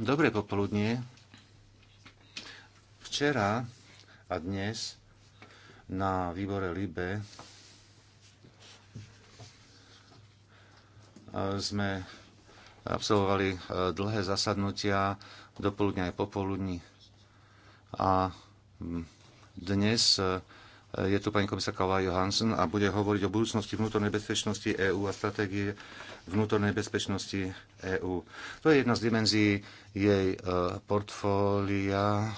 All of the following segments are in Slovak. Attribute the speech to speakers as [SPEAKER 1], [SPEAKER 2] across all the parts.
[SPEAKER 1] Dobré popoludnie. Včera a dnes na výbore LIBE sme absolvovali e, dlhé zasadnutia dopoludne aj popoludní. A mm, dnes e, je tu pani komisárka Kala Johansson a bude hovoriť o budúcnosti vnútornej bezpečnosti EÚ a stratégie vnútornej bezpečnosti EÚ. To je jedna z dimenzií jej e, portfólia. E,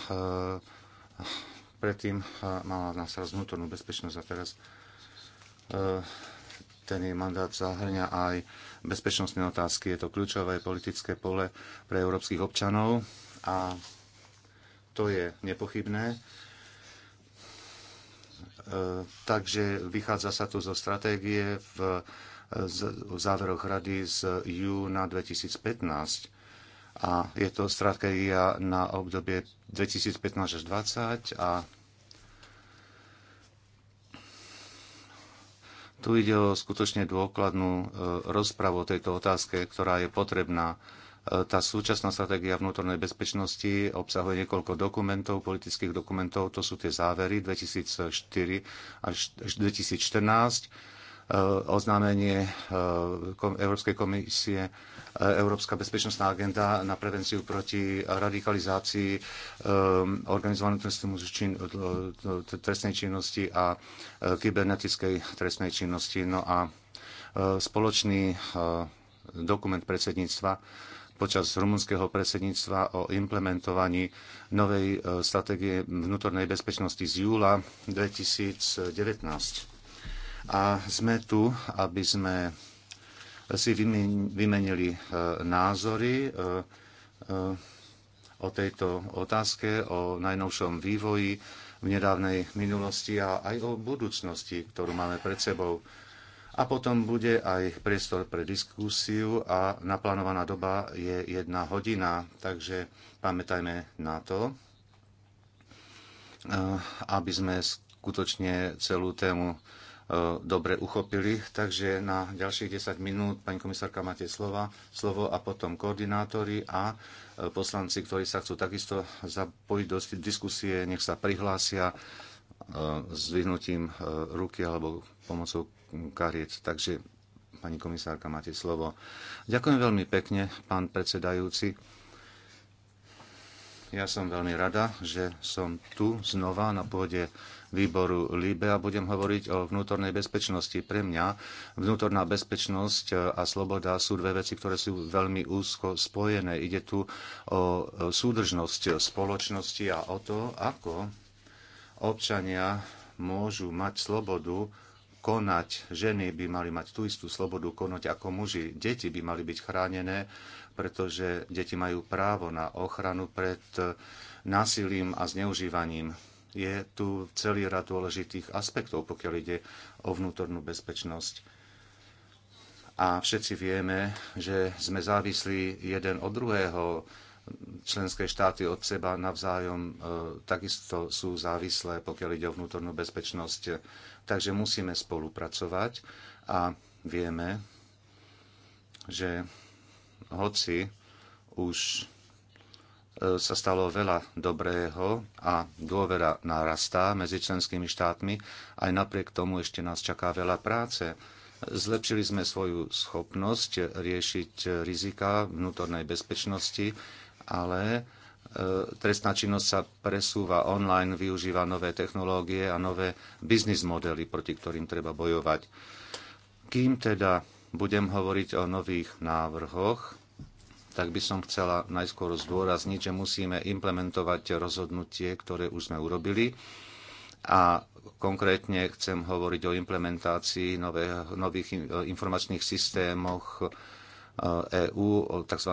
[SPEAKER 1] predtým e, mala na starost vnútornú bezpečnosť a teraz ten jej mandát zahrňa aj bezpečnostné otázky. Je to kľúčové politické pole pre európskych občanov a to je nepochybné. E, takže vychádza sa tu zo stratégie v záveroch rady z júna 2015 a je to stratégia na obdobie 2015 až 2020 a tu ide o skutočne dôkladnú e, rozpravu o tejto otázke, ktorá je potrebná tá súčasná stratégia vnútornej bezpečnosti obsahuje niekoľko dokumentov, politických dokumentov, to sú tie závery 2004 až 2014, eh, oznámenie eh, Európskej komisie, eh, Európska bezpečnostná agenda na prevenciu proti radikalizácii, organizovaného trestnému čin, trestnej činnosti a kybernetickej trestnej činnosti. No a spoločný dokument predsedníctva počas rumunského predsedníctva o implementovaní novej e, stratégie vnútornej bezpečnosti z júla 2019. A sme tu, aby sme si vymenili e, názory e, o tejto otázke, o najnovšom vývoji v nedávnej minulosti a aj o budúcnosti, ktorú máme pred sebou. A potom bude aj priestor pre diskusiu a naplánovaná doba je jedna hodina, takže pamätajme na to, eh, aby sme skutočne celú tému eh, dobre uchopili. Takže na ďalších 10 minút, pani komisárka, máte slova, slovo a potom koordinátori a eh, poslanci, ktorí sa chcú takisto zapojiť do diskusie, nech sa prihlásia zvihnutím e, e, ruky alebo pomocou kariet. Takže, pani komisárka, máte slovo. Ďakujem veľmi pekne, pán predsedajúci. Ja som veľmi rada, že som tu znova na pôde výboru LIBE a budem hovoriť o vnútornej bezpečnosti. Pre mňa vnútorná bezpečnosť a sloboda sú dve veci, ktoré sú veľmi úzko spojené. Ide tu o súdržnosť spoločnosti a o to, ako občania môžu mať slobodu konať, ženy by mali mať tú istú slobodu konať ako muži, deti by mali byť chránené, pretože deti majú právo na ochranu pred násilím a zneužívaním. Je tu celý rad dôležitých aspektov, pokiaľ ide o vnútornú bezpečnosť. A všetci vieme, že sme závislí jeden od druhého, členské štáty od seba navzájom e, takisto sú závislé, pokiaľ ide o vnútornú bezpečnosť. Takže musíme spolupracovať a vieme, že hoci už e, sa stalo veľa dobrého a dôvera narastá medzi členskými štátmi, aj napriek tomu ešte nás čaká veľa práce. Zlepšili sme svoju schopnosť riešiť rizika vnútornej bezpečnosti, ale e, trestná činnosť sa presúva online, využíva nové technológie a nové biznis modely, proti ktorým treba bojovať. Kým teda budem hovoriť o nových návrhoch, tak by som chcela najskôr zdôrazniť, že musíme implementovať rozhodnutie, ktoré už sme urobili. A konkrétne chcem hovoriť o implementácii nových e, informačných systémoch EÚ e o tzv.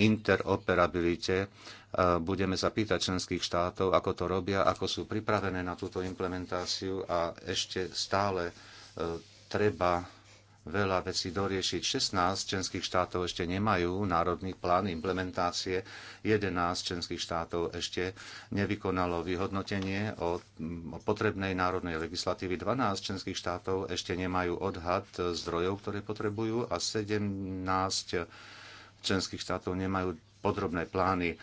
[SPEAKER 1] interoperabilite. E, budeme sa pýtať členských štátov, ako to robia, ako sú pripravené na túto implementáciu a ešte stále e, treba veľa vecí doriešiť. 16 členských štátov ešte nemajú národný plán implementácie, 11 členských štátov ešte nevykonalo vyhodnotenie o potrebnej národnej legislatívy, 12 členských štátov ešte nemajú odhad zdrojov, ktoré potrebujú a 17 členských štátov nemajú podrobné plány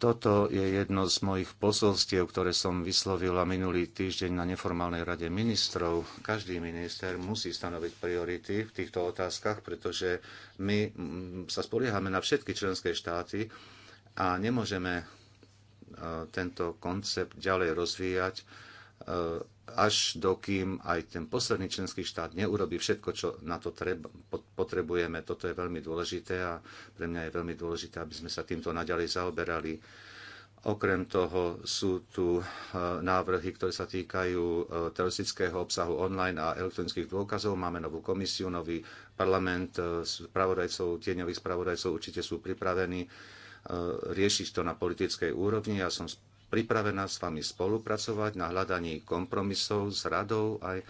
[SPEAKER 1] toto je jedno z mojich posolstiev, ktoré som vyslovila minulý týždeň na neformálnej rade ministrov. Každý minister musí stanoviť priority v týchto otázkach, pretože my mm, sa spoliehame na všetky členské štáty a nemôžeme e, tento koncept ďalej rozvíjať e, až dokým aj ten posledný členský štát neurobi všetko, čo na to treba, potrebujeme. Toto je veľmi dôležité a pre mňa je veľmi dôležité, aby sme sa týmto naďalej zaoberali. Okrem toho sú tu e, návrhy, ktoré sa týkajú e, teroristického obsahu online a elektronických dôkazov. Máme novú komisiu, nový parlament, e, spravodajcov, tieňových spravodajcov určite sú pripravení riešiť to na politickej úrovni. Ja som pripravená s vami spolupracovať na hľadaní kompromisov s radou aj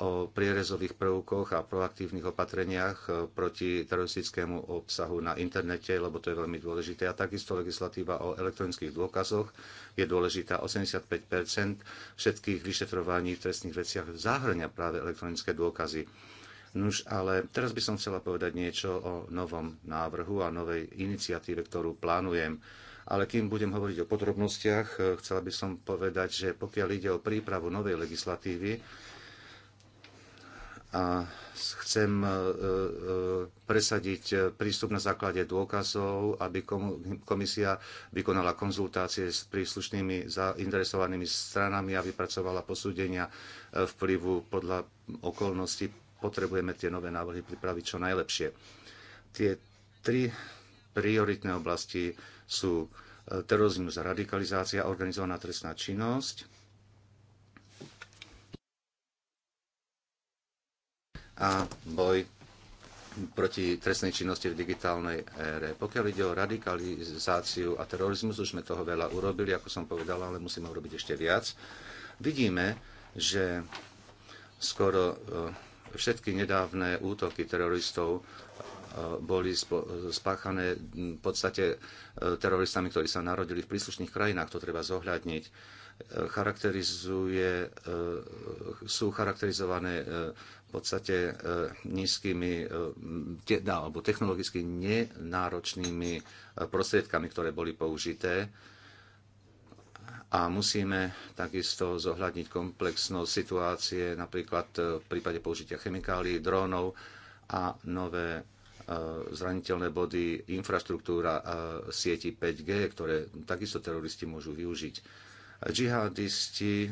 [SPEAKER 1] o prierezových prvkoch a proaktívnych opatreniach e, proti teroristickému obsahu na internete, lebo to je veľmi dôležité. A takisto legislatíva o elektronických dôkazoch je dôležitá. 85 všetkých vyšetrovaní v trestných veciach zahrňa práve elektronické dôkazy. Nuž, ale teraz by som chcela povedať niečo o novom návrhu a novej iniciatíve, ktorú plánujem ale kým budem hovoriť o podrobnostiach, e, chcela by som povedať, že pokiaľ ide o prípravu novej legislatívy, a chcem e, e, presadiť prístup na základe dôkazov, aby komisia vykonala konzultácie s príslušnými zainteresovanými stranami a vypracovala posúdenia vplyvu podľa okolností. Potrebujeme tie nové návrhy pripraviť čo najlepšie. Tie tri prioritné oblasti sú e, terorizmus a radikalizácia, organizovaná trestná činnosť, a boj proti trestnej činnosti v digitálnej ére. Pokiaľ ide o radikalizáciu a terorizmus, už sme toho veľa urobili, ako som povedala, ale musíme urobiť ešte viac. Vidíme, že skoro e, všetky nedávne útoky teroristov boli spáchané v podstate e, teroristami, ktorí sa narodili v príslušných krajinách. To treba zohľadniť. E, charakterizuje, e, sú charakterizované v podstate nízkymi no, alebo technologicky nenáročnými prostriedkami, ktoré boli použité a musíme takisto zohľadniť komplexnosť situácie, napríklad v prípade použitia chemikálií, drónov a nové zraniteľné body, infraštruktúra a sieti 5G, ktoré takisto teroristi môžu využiť. Džihadisti,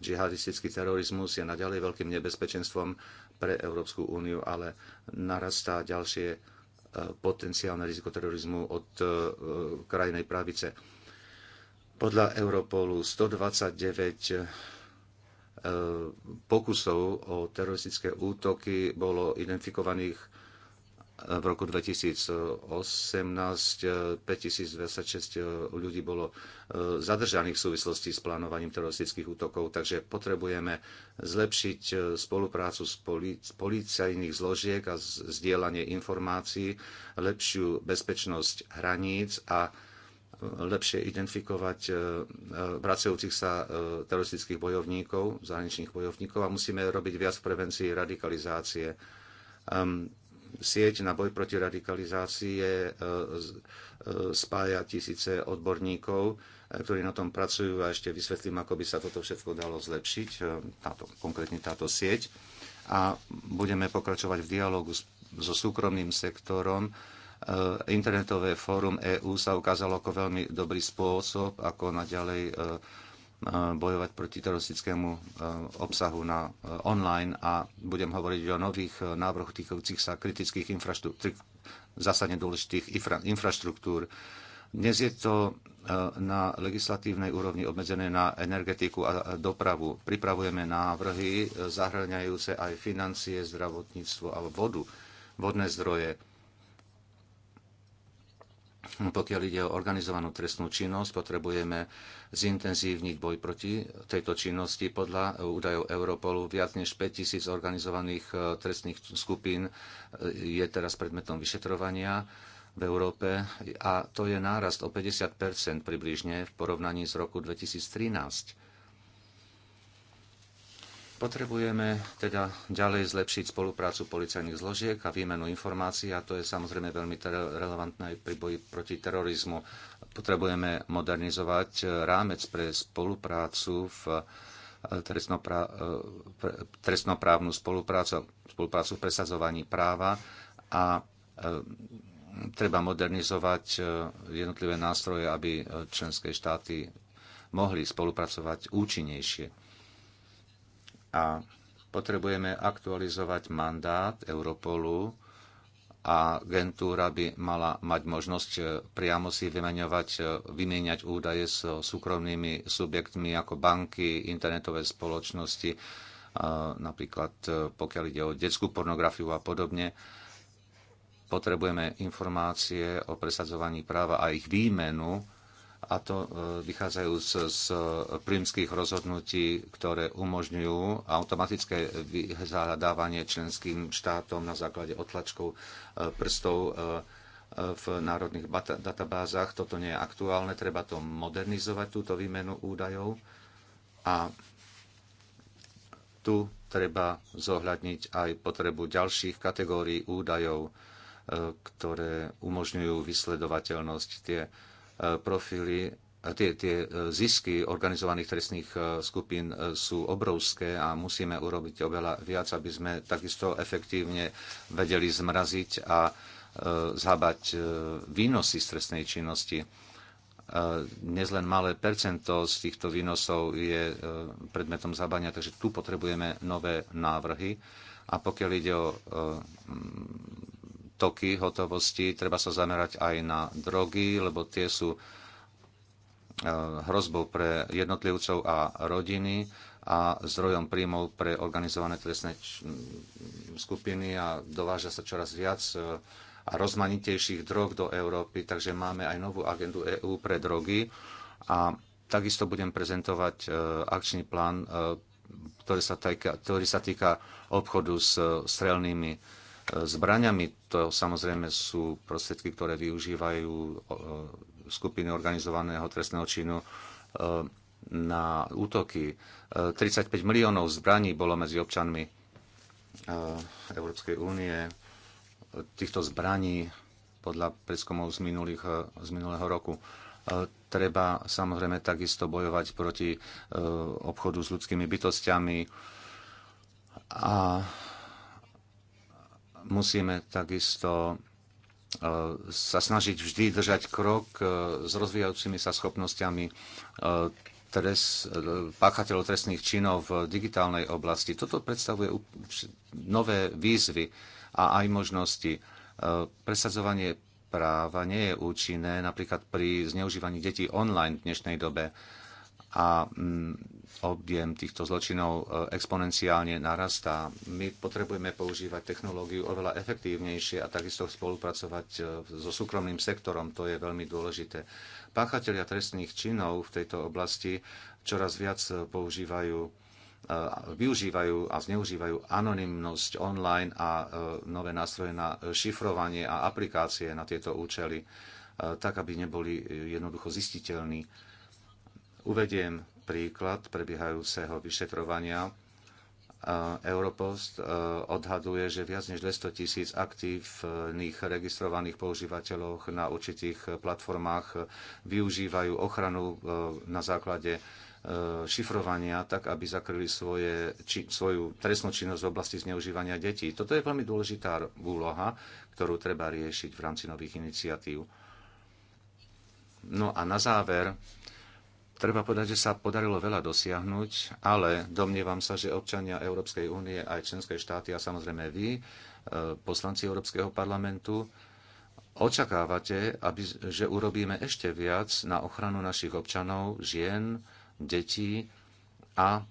[SPEAKER 1] džihadistický terorizmus je naďalej veľkým nebezpečenstvom pre Európsku úniu, ale narastá ďalšie e, potenciálne riziko terorizmu od e, krajnej pravice. Podľa Europolu 129 e, pokusov o teroristické útoky bolo identifikovaných v roku 2018 5026 eh, eh, ľudí bolo eh, zadržaných v súvislosti s plánovaním teroristických útokov, takže potrebujeme zlepšiť spoluprácu s policajných zložiek a zdieľanie informácií, lepšiu bezpečnosť hraníc a lepšie identifikovať vracajúcich sa teroristických bojovníkov, zahraničných bojovníkov a musíme robiť viac v prevencii radikalizácie ehm, sieť na boj proti je e, e, spája tisíce odborníkov, e, ktorí na tom pracujú a ešte vysvetlím, ako by sa toto všetko dalo zlepšiť, táto, konkrétne táto sieť. A budeme pokračovať v dialogu so súkromným sektorom. Internetové fórum EÚ sa ukázalo ako veľmi dobrý spôsob, ako naďalej bojovať proti teroristickému e, obsahu na e, online a budem hovoriť o nových e, návrhoch týkajúcich sa kritických infraštruktúr, zásadne dôležitých infra, infraštruktúr. Dnes je to na legislatívnej úrovni obmedzené na energetiku a dopravu. Pripravujeme návrhy zahŕňajúce aj financie, zdravotníctvo a vodu, vodné zdroje pokiaľ ide o organizovanú trestnú činnosť, potrebujeme zintenzívniť boj proti tejto činnosti. Podľa údajov Europolu viac než 5000 organizovaných e, trestných skupín e, je teraz predmetom vyšetrovania v Európe a to je nárast o 50 približne v porovnaní s roku 2013. Potrebujeme teda ďalej zlepšiť spoluprácu policajných zložiek a výmenu informácií a to je samozrejme veľmi teda relevantné aj pri boji proti terorizmu. Potrebujeme modernizovať eh, rámec pre spoluprácu v eh, trestnoprá- eh, trestnoprávnu spoluprácu, spoluprácu v presazovaní práva a treba modernizovať jednotlivé nástroje, aby členské štáty mohli spolupracovať účinnejšie a potrebujeme aktualizovať mandát Europolu a agentúra by mala mať možnosť e, priamo si vymeňovať, e, vymieňať údaje s súkromnými subjektmi ako banky, internetové spoločnosti, e, napríklad pokiaľ ide o detskú pornografiu a podobne. Potrebujeme informácie o presadzovaní práva a ich výmenu a to e, vychádzajú z, z prímských rozhodnutí, ktoré umožňujú automatické vyhľadávanie členským štátom na základe otlačkov e, prstov e, v národných databázach. Toto nie je aktuálne, treba to modernizovať, túto výmenu údajov. A tu treba zohľadniť aj potrebu ďalších kategórií údajov, ktoré umožňujú vysledovateľnosť tie E, profily tie, tie e, zisky organizovaných trestných e, skupín sú obrovské a musíme urobiť oveľa viac, aby sme takisto efektívne vedeli zmraziť a zhábať výnosy z trestnej činnosti. Dnes len malé percento z týchto výnosov je predmetom zabania, takže tu potrebujeme nové návrhy. A pokiaľ ide o toky hotovosti, treba sa zamerať aj na drogy, lebo tie sú e, hrozbou pre jednotlivcov a rodiny a zdrojom príjmov pre organizované trestné skupiny a dováža sa čoraz viac e, a rozmanitejších drog do Európy, takže máme aj novú agendu EÚ pre drogy a takisto budem prezentovať e, akčný plán, ktorý sa týka, ktorý sa týka obchodu s strelnými zbraňami. To samozrejme sú prostriedky, ktoré využívajú skupiny organizovaného trestného činu e, na útoky. 35 e, miliónov zbraní bolo medzi občanmi e, Európskej únie. Týchto zbraní podľa preskomov z, minulých, z minulého roku. Treba samozrejme takisto bojovať proti obchodu s ľudskými bytostiami a Musíme takisto e, sa snažiť vždy držať krok e, s rozvíjajúcimi sa schopnosťami e, páchateľov trestných činov v digitálnej oblasti. Toto predstavuje nové výzvy a aj možnosti. Presadzovanie práva nie je účinné napríklad pri zneužívaní detí online v dnešnej dobe a mm, objem týchto zločinov e, exponenciálne narastá. My potrebujeme používať technológiu oveľa efektívnejšie a takisto spolupracovať e, so súkromným sektorom, to je veľmi dôležité. Páchatelia trestných činov v tejto oblasti čoraz viac e, používajú využívajú a zneužívajú anonymnosť online a nové nástroje na šifrovanie a aplikácie na tieto účely, tak aby neboli jednoducho zistiteľní Uvediem príklad prebiehajúceho vyšetrovania. Europost e, odhaduje, že viac než 200 tisíc aktívnych registrovaných používateľov na určitých platformách využívajú ochranu e, na základe e, šifrovania, tak aby zakryli svoje, či, svoju trestnú činnosť v oblasti zneužívania detí. Toto je veľmi dôležitá úloha, ktorú treba riešiť v rámci nových iniciatív. No a na záver Treba povedať, že sa podarilo veľa dosiahnuť, ale domnievam sa, že občania Európskej únie, aj členské štáty a samozrejme vy, e, poslanci Európskeho parlamentu, očakávate, aby, že urobíme ešte viac na ochranu našich občanov, žien, detí a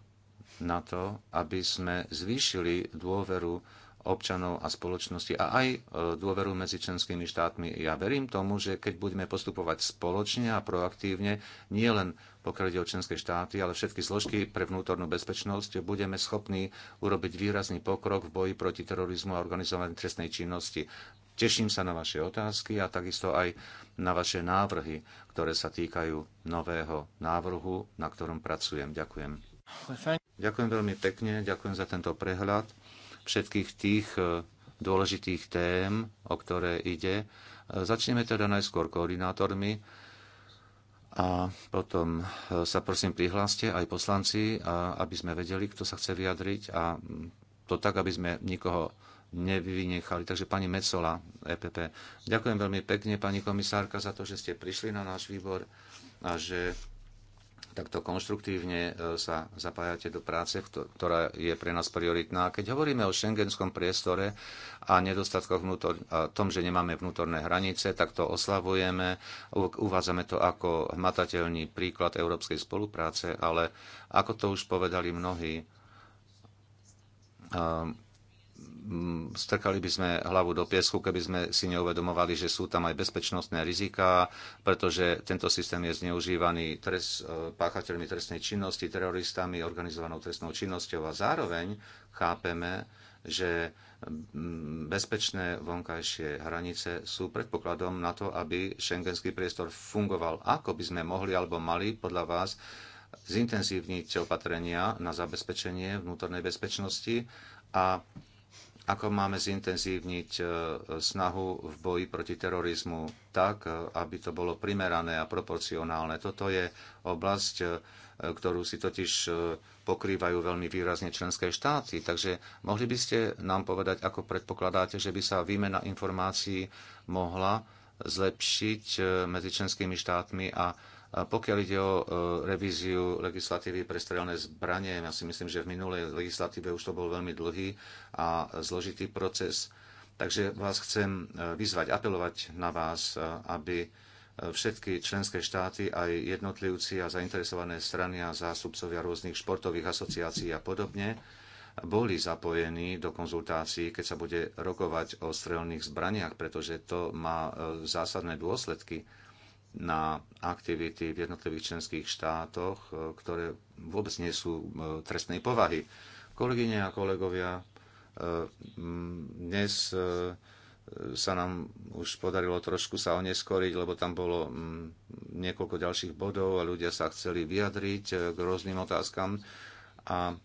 [SPEAKER 1] na to, aby sme zvýšili dôveru občanov a spoločnosti a aj e, dôveru medzi členskými štátmi. Ja verím tomu, že keď budeme postupovať spoločne a proaktívne, nie len pokiaľ ide o členské štáty, ale všetky zložky pre vnútornú bezpečnosť, budeme schopní urobiť výrazný pokrok v boji proti terorizmu a organizovanej trestnej činnosti. Teším sa na vaše otázky a takisto aj na vaše návrhy, ktoré sa týkajú nového návrhu, na ktorom pracujem. Ďakujem. Ďakujem veľmi pekne, ďakujem za tento prehľad všetkých tých e, dôležitých tém, o ktoré ide. E, začneme teda najskôr koordinátormi a potom e, sa prosím prihláste aj poslanci, aby sme vedeli, kto sa chce vyjadriť a mm, to tak, aby sme nikoho nevynechali. Takže pani Mecola, EPP. Ďakujem veľmi pekne, pani komisárka, za to, že ste prišli na náš výbor a že takto konštruktívne e, sa zapájate do práce, ktorá je pre nás prioritná. Keď hovoríme o šengenskom priestore a nedostatkoch vnútor, a tom, že nemáme vnútorné hranice, tak to oslavujeme, uvádzame to ako hmatateľný príklad európskej spolupráce, ale ako to už povedali mnohí, e, Mm, strkali by sme hlavu do piesku, keby sme si neuvedomovali, že sú tam aj bezpečnostné riziká, pretože tento systém je zneužívaný trest, e, páchateľmi trestnej činnosti, teroristami, organizovanou trestnou činnosťou a zároveň chápeme, že mm, bezpečné vonkajšie hranice sú predpokladom na to, aby šengenský priestor fungoval. Ako by sme mohli alebo mali podľa vás zintenzívniť opatrenia na zabezpečenie vnútornej bezpečnosti a ako máme zintenzívniť e, snahu v boji proti terorizmu tak, e, aby to bolo primerané a proporcionálne. Toto je oblasť, e, ktorú si totiž pokrývajú veľmi výrazne členské štáty. Takže mohli by ste nám povedať, ako predpokladáte, že by sa výmena informácií mohla zlepšiť medzi členskými štátmi a a pokiaľ ide o e, revíziu legislatívy pre strelné zbranie, ja si myslím, že v minulej legislatíve už to bol veľmi dlhý a zložitý proces. Takže vás chcem e, vyzvať, apelovať na vás, e, aby všetky členské štáty, aj jednotlivci a zainteresované strany a zástupcovia rôznych športových asociácií a podobne boli zapojení do konzultácií, keď sa bude rokovať o strelných zbraniach, pretože to má zásadné dôsledky na aktivity v jednotlivých členských štátoch, e, ktoré vôbec nie sú e, trestnej povahy. Kolegyne a kolegovia, e, dnes sa nám už podarilo trošku sa oneskoriť, lebo tam bolo niekoľko ďalších bodov a ľudia sa chceli vyjadriť k rôznym otázkam a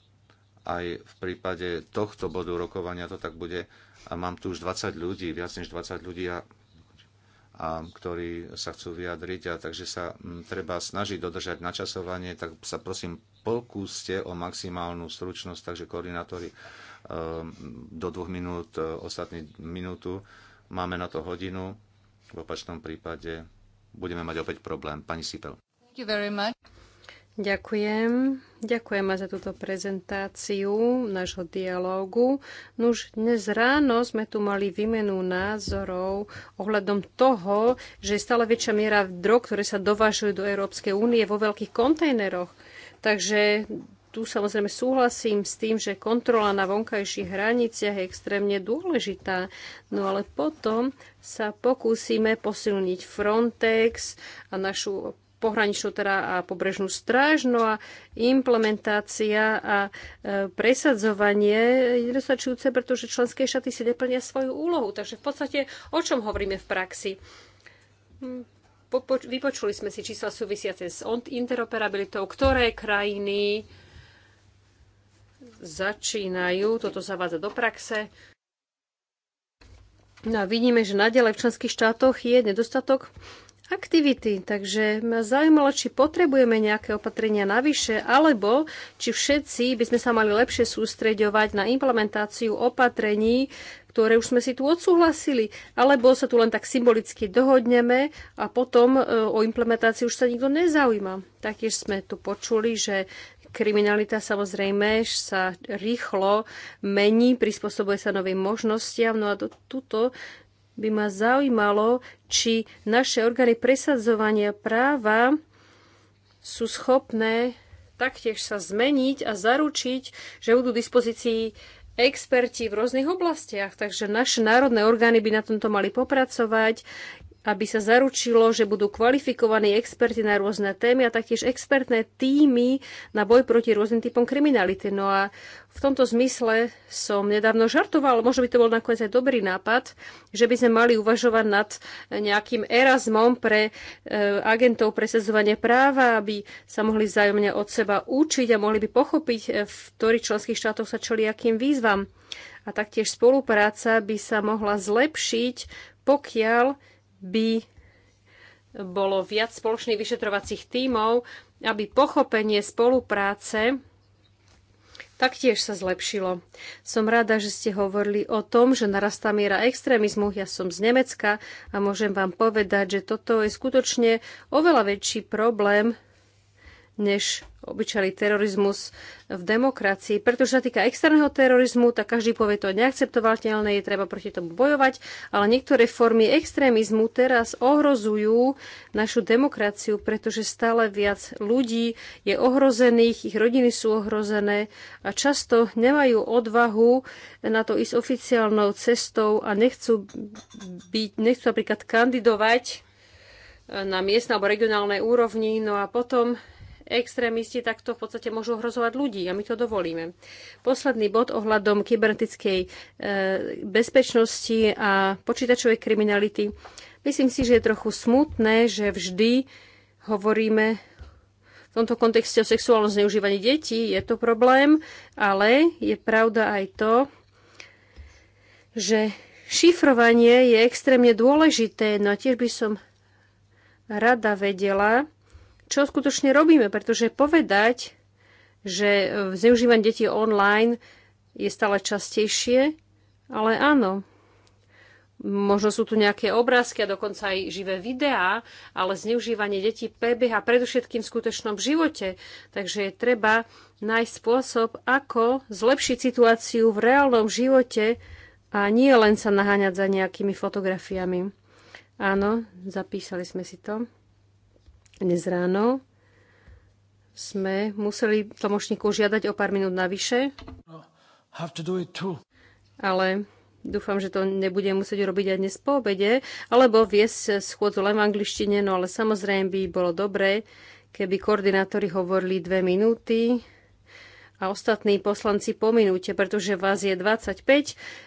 [SPEAKER 1] aj v prípade tohto bodu rokovania to tak bude. A mám tu už 20 ľudí, viac než 20 ľudí a a ktorí sa chcú vyjadriť a takže sa mm, treba snažiť dodržať načasovanie, tak sa prosím pokúste o maximálnu stručnosť, takže koordinátori ehm, do dvoch minút, e, ostatní minútu, máme na to hodinu, v opačnom prípade budeme mať opäť problém. Pani Sipel.
[SPEAKER 2] Ďakujem. Ďakujem aj za túto prezentáciu nášho dialógu. No už dnes ráno sme tu mali výmenu názorov ohľadom toho, že je stále väčšia miera drog, ktoré sa dovážujú do Európskej únie vo veľkých kontajneroch. Takže tu samozrejme súhlasím s tým, že kontrola na vonkajších hraniciach je extrémne dôležitá. No ale potom sa pokúsime posilniť Frontex a našu pohraničnú teda a pobrežnú stráž, no a implementácia a e, presadzovanie je nedostačujúce, pretože členské štáty si neplnia svoju úlohu. Takže v podstate o čom hovoríme v praxi? Hm, vypočuli sme si čísla súvisiace s interoperabilitou, ktoré krajiny začínajú toto zavádzať do praxe. No a vidíme, že nadalej v členských štátoch je nedostatok aktivity. Takže ma zaujímalo, či potrebujeme nejaké opatrenia navyše, alebo či všetci by sme sa mali lepšie sústreďovať na implementáciu opatrení, ktoré už sme si tu odsúhlasili, alebo sa tu len tak symbolicky dohodneme a potom e, o implementácii už sa nikto nezaujíma. Taktiež sme tu počuli, že kriminalita samozrejme sa rýchlo mení, prispôsobuje sa novým možnostiam, no a tuto by ma zaujímalo, či naše orgány presadzovania práva sú schopné taktiež sa zmeniť a zaručiť, že budú dispozícii experti v rôznych oblastiach. Takže naše národné orgány by na tomto mali popracovať aby sa zaručilo, že budú kvalifikovaní experti na rôzne témy a taktiež expertné týmy na boj proti rôznym typom kriminality. No a v tomto zmysle som nedávno žartoval, možno by to bol nakoniec aj dobrý nápad, že by sme mali uvažovať nad nejakým erazmom pre e, agentov presadzovania práva, aby sa mohli vzájomne od seba učiť a mohli by pochopiť, e, v ktorých členských štátoch sa čeli akým výzvam. A taktiež spolupráca by sa mohla zlepšiť, pokiaľ by bolo viac spoločných vyšetrovacích tímov, aby pochopenie spolupráce taktiež sa zlepšilo. Som rada, že ste hovorili o tom, že narastá miera extrémizmu. Ja som z Nemecka a môžem vám povedať, že toto je skutočne oveľa väčší problém než obyčajný terorizmus v demokracii. Pretože sa týka externého terorizmu, tak každý povie to neakceptovateľné, je treba proti tomu bojovať, ale niektoré formy extrémizmu teraz ohrozujú našu demokraciu, pretože stále viac ľudí je ohrozených, ich rodiny sú ohrozené a často nemajú odvahu na to ísť oficiálnou cestou a nechcú, byť, nechcú napríklad kandidovať na miestnej alebo regionálnej úrovni, no a potom extrémisti takto v podstate môžu ohrozovať ľudí a my to dovolíme. Posledný bod ohľadom kybernetickej e, bezpečnosti a počítačovej kriminality. Myslím si, že je trochu smutné, že vždy hovoríme v tomto kontexte o sexuálnom zneužívaní detí. Je to problém, ale je pravda aj to, že šifrovanie je extrémne dôležité. No a tiež by som rada vedela, čo skutočne robíme, pretože povedať, že e, zneužívanie detí online je stále častejšie, ale áno, možno sú tu nejaké obrázky a dokonca aj živé videá, ale zneužívanie detí prebieha predovšetkým v skutočnom živote. Takže je treba nájsť spôsob, ako zlepšiť situáciu v reálnom živote a nie len sa naháňať za nejakými fotografiami. Áno, zapísali sme si to. Dnes ráno sme museli tlmočníku žiadať o pár minút navyše. Ale Dúfam, že to nebudem musieť robiť aj dnes po obede, alebo viesť schôdzu len v angličtine, no ale samozrejme by bolo dobré, keby koordinátori hovorili dve minúty a ostatní poslanci po minúte, pretože vás je 25,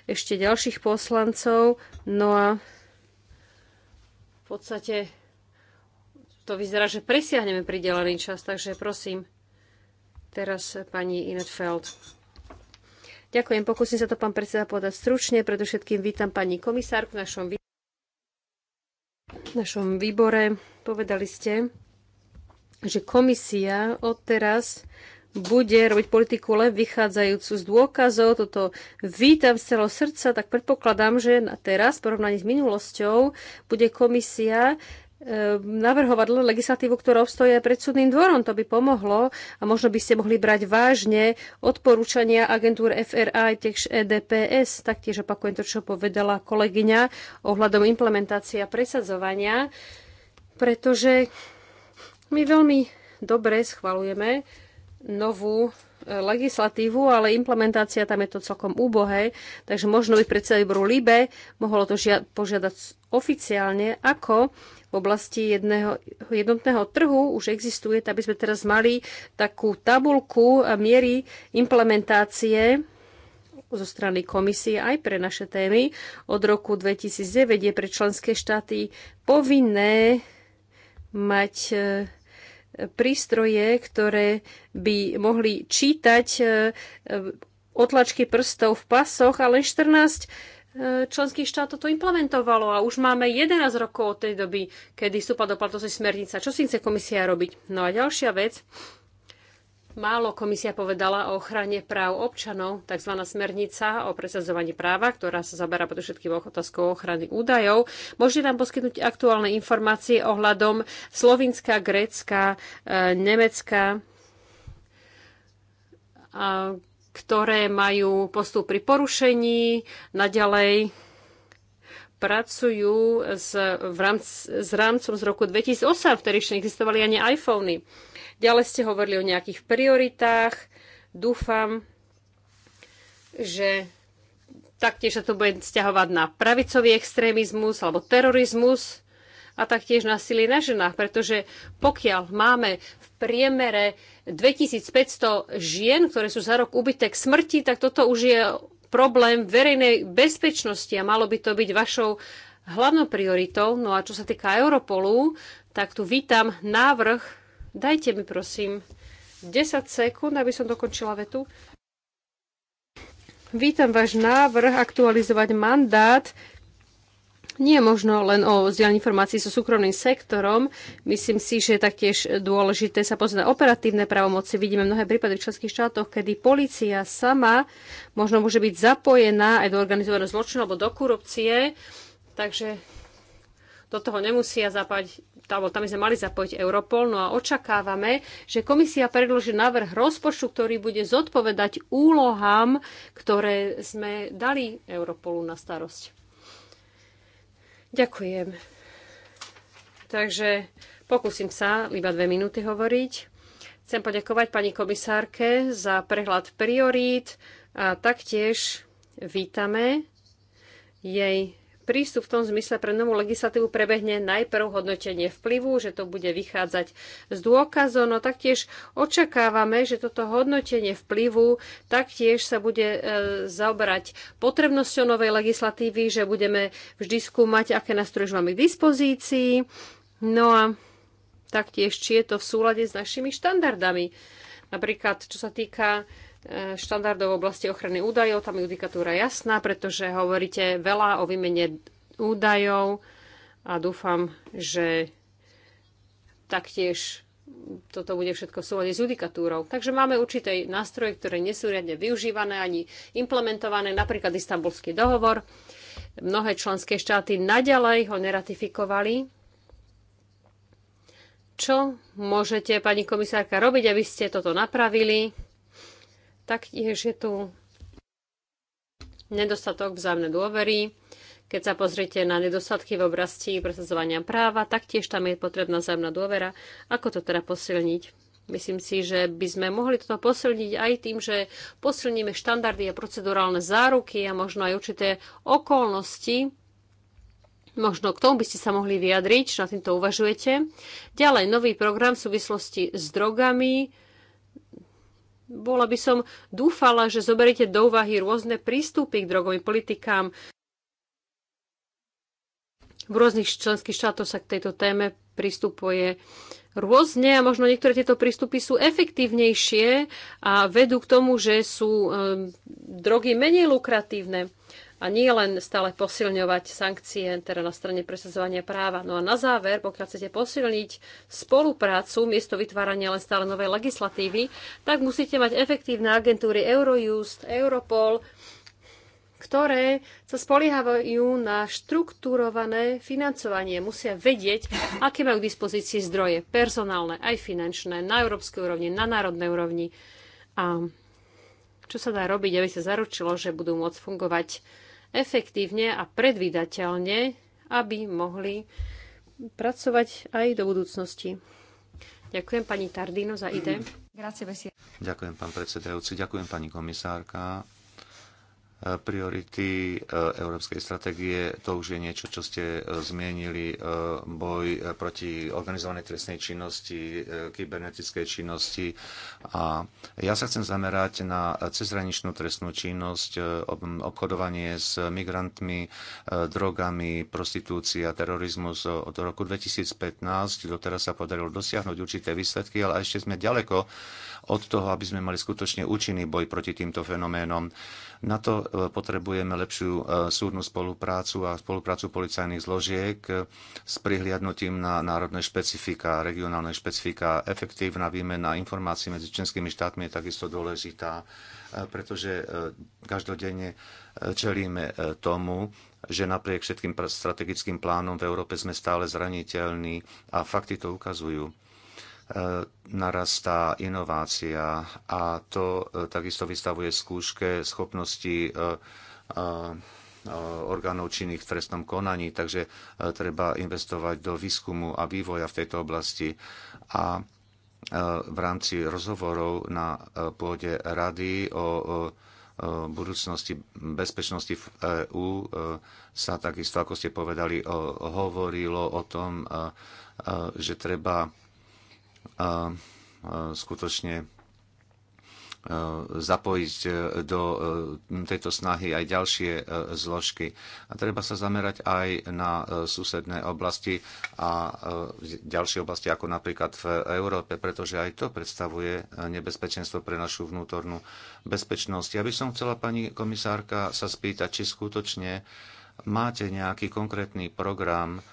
[SPEAKER 2] ešte ďalších poslancov, no a v podstate to vyzerá, že presiahneme pridelený čas, takže prosím. Teraz pani Inetfeld. Ďakujem, pokúsim sa to pán predseda povedať stručne, predovšetkým vítam pani komisárku v našom, vý... v našom výbore. Povedali ste, že komisia odteraz bude robiť politiku len vychádzajúcu z dôkazov. Toto vítam z celého srdca, tak predpokladám, že na teraz, v porovnaní s minulosťou, bude komisia Ehm, navrhovať legislatívu, ktorá obstoje pred súdnym dvorom. To by pomohlo a možno by ste mohli brať vážne odporúčania agentúr FRA tiež EDPS. Taktiež opakujem to, čo povedala kolegyňa ohľadom implementácia a presadzovania, pretože my veľmi dobre schvalujeme novú e, legislatívu, ale implementácia tam je to celkom úbohé, takže možno by predseda výboru LIBE mohlo to požiadať oficiálne, ako v oblasti jedného, jednotného trhu už existuje, aby sme teraz mali takú tabulku miery implementácie zo strany komisie aj pre naše témy. Od roku 2009 je pre členské štáty povinné mať e, prístroje, ktoré by mohli čítať e, e, otlačky prstov v pasoch, ale 14 E, členských štátov to implementovalo a už máme 11 rokov od tej doby, kedy vstúpa do platnosti smernica. Čo si chce komisia robiť? No a ďalšia vec, málo komisia povedala o ochrane práv občanov, tzv. smernica o presadzovaní práva, ktorá sa zaberá všetkým otázkou ochrany údajov. Môžete nám poskytnúť aktuálne informácie ohľadom Slovinska, Grécka, e, Nemecka, a ktoré majú postup pri porušení, naďalej pracujú s, v rámc, s rámcom z roku 2008, vtedy ešte neexistovali ani iPhony. Ďalej ste hovorili o nejakých prioritách. Dúfam, že taktiež sa to bude vzťahovať na pravicový extrémizmus alebo terorizmus a taktiež sily na ženách, pretože pokiaľ máme v priemere 2500 žien, ktoré sú za rok ubyté k smrti, tak toto už je problém verejnej bezpečnosti a malo by to byť vašou hlavnou prioritou. No a čo sa týka Europolu, tak tu vítam návrh. Dajte mi prosím 10 sekúnd, aby som dokončila vetu. Vítam váš návrh aktualizovať mandát nie je možno len o zdieľaní informácií so súkromným sektorom. Myslím si, že je taktiež dôležité sa pozrieť na operatívne právomoci. Vidíme mnohé prípady v členských štátoch, kedy policia sama možno môže byť zapojená aj do organizovaného zločinu alebo do korupcie. Takže do toho nemusia zapať, alebo tam sme mali zapojiť Europol, no a očakávame, že komisia predloží návrh rozpočtu, ktorý bude zodpovedať úlohám, ktoré sme dali Europolu na starosť. Ďakujem. Takže pokúsim sa iba dve minúty hovoriť. Chcem poďakovať pani komisárke za prehľad priorít a taktiež vítame jej prístup v tom zmysle pre novú legislatívu prebehne najprv hodnotenie vplyvu, že to bude vychádzať z dôkazov, no taktiež očakávame, že toto hodnotenie vplyvu taktiež sa bude e, zaoberať potrebnosťou novej legislatívy, že budeme vždy skúmať, aké nástroje už máme k dispozícii, no a taktiež, či je to v súlade s našimi štandardami. Napríklad, čo sa týka štandardov v oblasti ochrany údajov. Tam je judikatúra jasná, pretože hovoríte veľa o výmene údajov a dúfam, že taktiež toto bude všetko v s judikatúrou. Takže máme určité nástroje, ktoré nie sú riadne využívané ani implementované, napríklad istambulský dohovor. Mnohé členské štáty naďalej ho neratifikovali. Čo môžete, pani komisárka, robiť, aby ste toto napravili? Taktiež je tu nedostatok vzájomnej dôvery. Keď sa pozriete na nedostatky v oblasti presadzovania práva, taktiež tam je potrebná vzájomná dôvera. Ako to teda posilniť? Myslím si, že by sme mohli toto posilniť aj tým, že posilníme štandardy a procedurálne záruky a možno aj určité okolnosti. Možno k tomu by ste sa mohli vyjadriť, čo na týmto uvažujete. Ďalej, nový program v súvislosti s drogami bola by som dúfala, že zoberiete do úvahy rôzne prístupy k drogovým politikám. V rôznych členských štátoch sa k tejto téme pristupuje rôzne a možno niektoré tieto prístupy sú efektívnejšie a vedú k tomu, že sú ehm, drogy menej lukratívne a nie len stále posilňovať sankcie teda na strane presadzovania práva. No a na záver, pokiaľ chcete posilniť spoluprácu miesto vytvárania len stále novej legislatívy, tak musíte mať efektívne agentúry Eurojust, Europol, ktoré sa spoliehajú na štruktúrované financovanie. Musia vedieť, aké majú k dispozícii zdroje, personálne aj finančné, na európskej úrovni, na národnej úrovni. A čo sa dá robiť, aby sa zaručilo, že budú môcť fungovať efektívne a predvydateľne, aby mohli pracovať aj do budúcnosti. Ďakujem pani Tardino za ide.
[SPEAKER 1] Ďakujem pán predsedajúci, ďakujem pani komisárka priority eh, európskej stratégie, to už je niečo, čo ste eh, zmienili, eh, boj proti organizovanej trestnej činnosti, kybernetickej činnosti. A ja sa chcem zamerať na cezhraničnú trestnú činnosť, obchodovanie s migrantmi, drogami, prostitúcia, terorizmus. Od roku 2015 doteraz sa podarilo dosiahnuť určité výsledky, ale ešte sme ďaleko od toho, aby sme mali skutočne účinný boj proti týmto fenoménom. Na to e, potrebujeme lepšiu e, súdnu spoluprácu a spoluprácu policajných zložiek e, s prihliadnutím na národné špecifika, regionálne špecifika. Efektívna výmena informácií medzi členskými štátmi je takisto dôležitá, pretože každodenne čelíme tomu, že napriek všetkým strategickým plánom v Európe sme stále zraniteľní a fakty to ukazujú narastá inovácia a to e, takisto vystavuje skúške schopnosti e, e, orgánov činných v trestnom konaní, takže treba investovať do výskumu a vývoja v tejto oblasti. A v rámci rozhovorov na pôde rady o budúcnosti bezpečnosti v EÚ sa takisto, ako ste povedali, hovorilo o tom, že treba a skutočne e, zapojiť e, do e, tejto snahy aj ďalšie zložky. A treba sa zamerať aj na susedné oblasti a ďalšie oblasti, ako napríklad v Európe, pretože aj to predstavuje nebezpečenstvo pre našu vnútornú bezpečnosť. Ja by som chcela, pani komisárka, sa spýtať, či skutočne máte nejaký konkrétny program,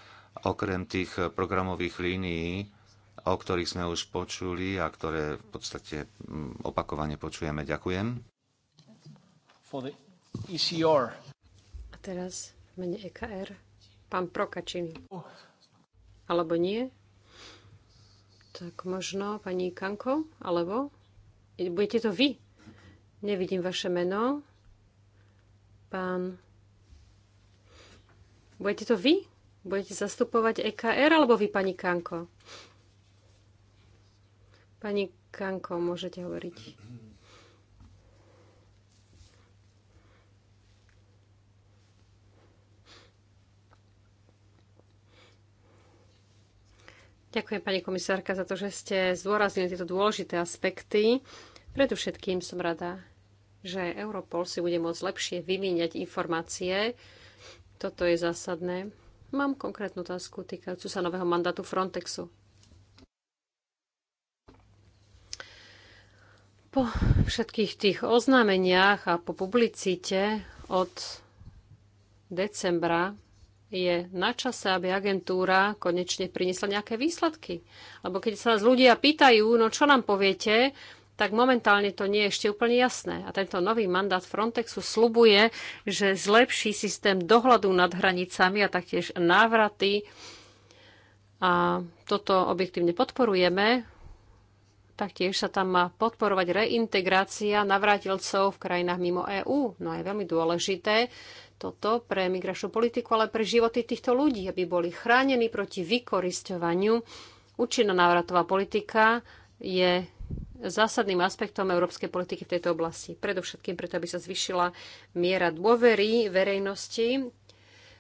[SPEAKER 1] okrem tých programových línií, o ktorých sme už počuli a ktoré v podstate mm, opakovane počujeme. Ďakujem. E
[SPEAKER 2] a teraz mene EKR pán Prokačiny. Alebo nie? Tak možno pani Kanko, alebo budete to vy. Nevidím vaše meno. Pán. Budete to vy? Budete zastupovať EKR alebo vy, pani Kanko? Pani Kanko, môžete hovoriť. Ďakujem, pani komisárka, za to, že ste zdôraznili tieto dôležité aspekty. Predovšetkým som rada, že Europol si bude môcť lepšie vymieňať informácie. Toto je zásadné. Mám konkrétnu otázku týkajúcu sa nového mandátu Frontexu. Po všetkých tých oznámeniach a po publicite od decembra je na čase, aby agentúra konečne priniesla nejaké výsledky. Lebo keď sa nás ľudia pýtajú, no čo nám poviete, tak momentálne to nie je ešte úplne jasné. A tento nový mandát Frontexu slubuje, že zlepší systém dohľadu nad hranicami a taktiež návraty. A toto objektívne podporujeme, Taktiež sa tam má podporovať reintegrácia navrátilcov v krajinách mimo EÚ. No a je veľmi dôležité toto pre migračnú politiku, ale pre životy týchto ľudí, aby boli chránení proti vykorisťovaniu. Účinná návratová politika je zásadným aspektom európskej politiky v tejto oblasti. Predovšetkým preto, aby sa zvyšila miera dôvery verejnosti.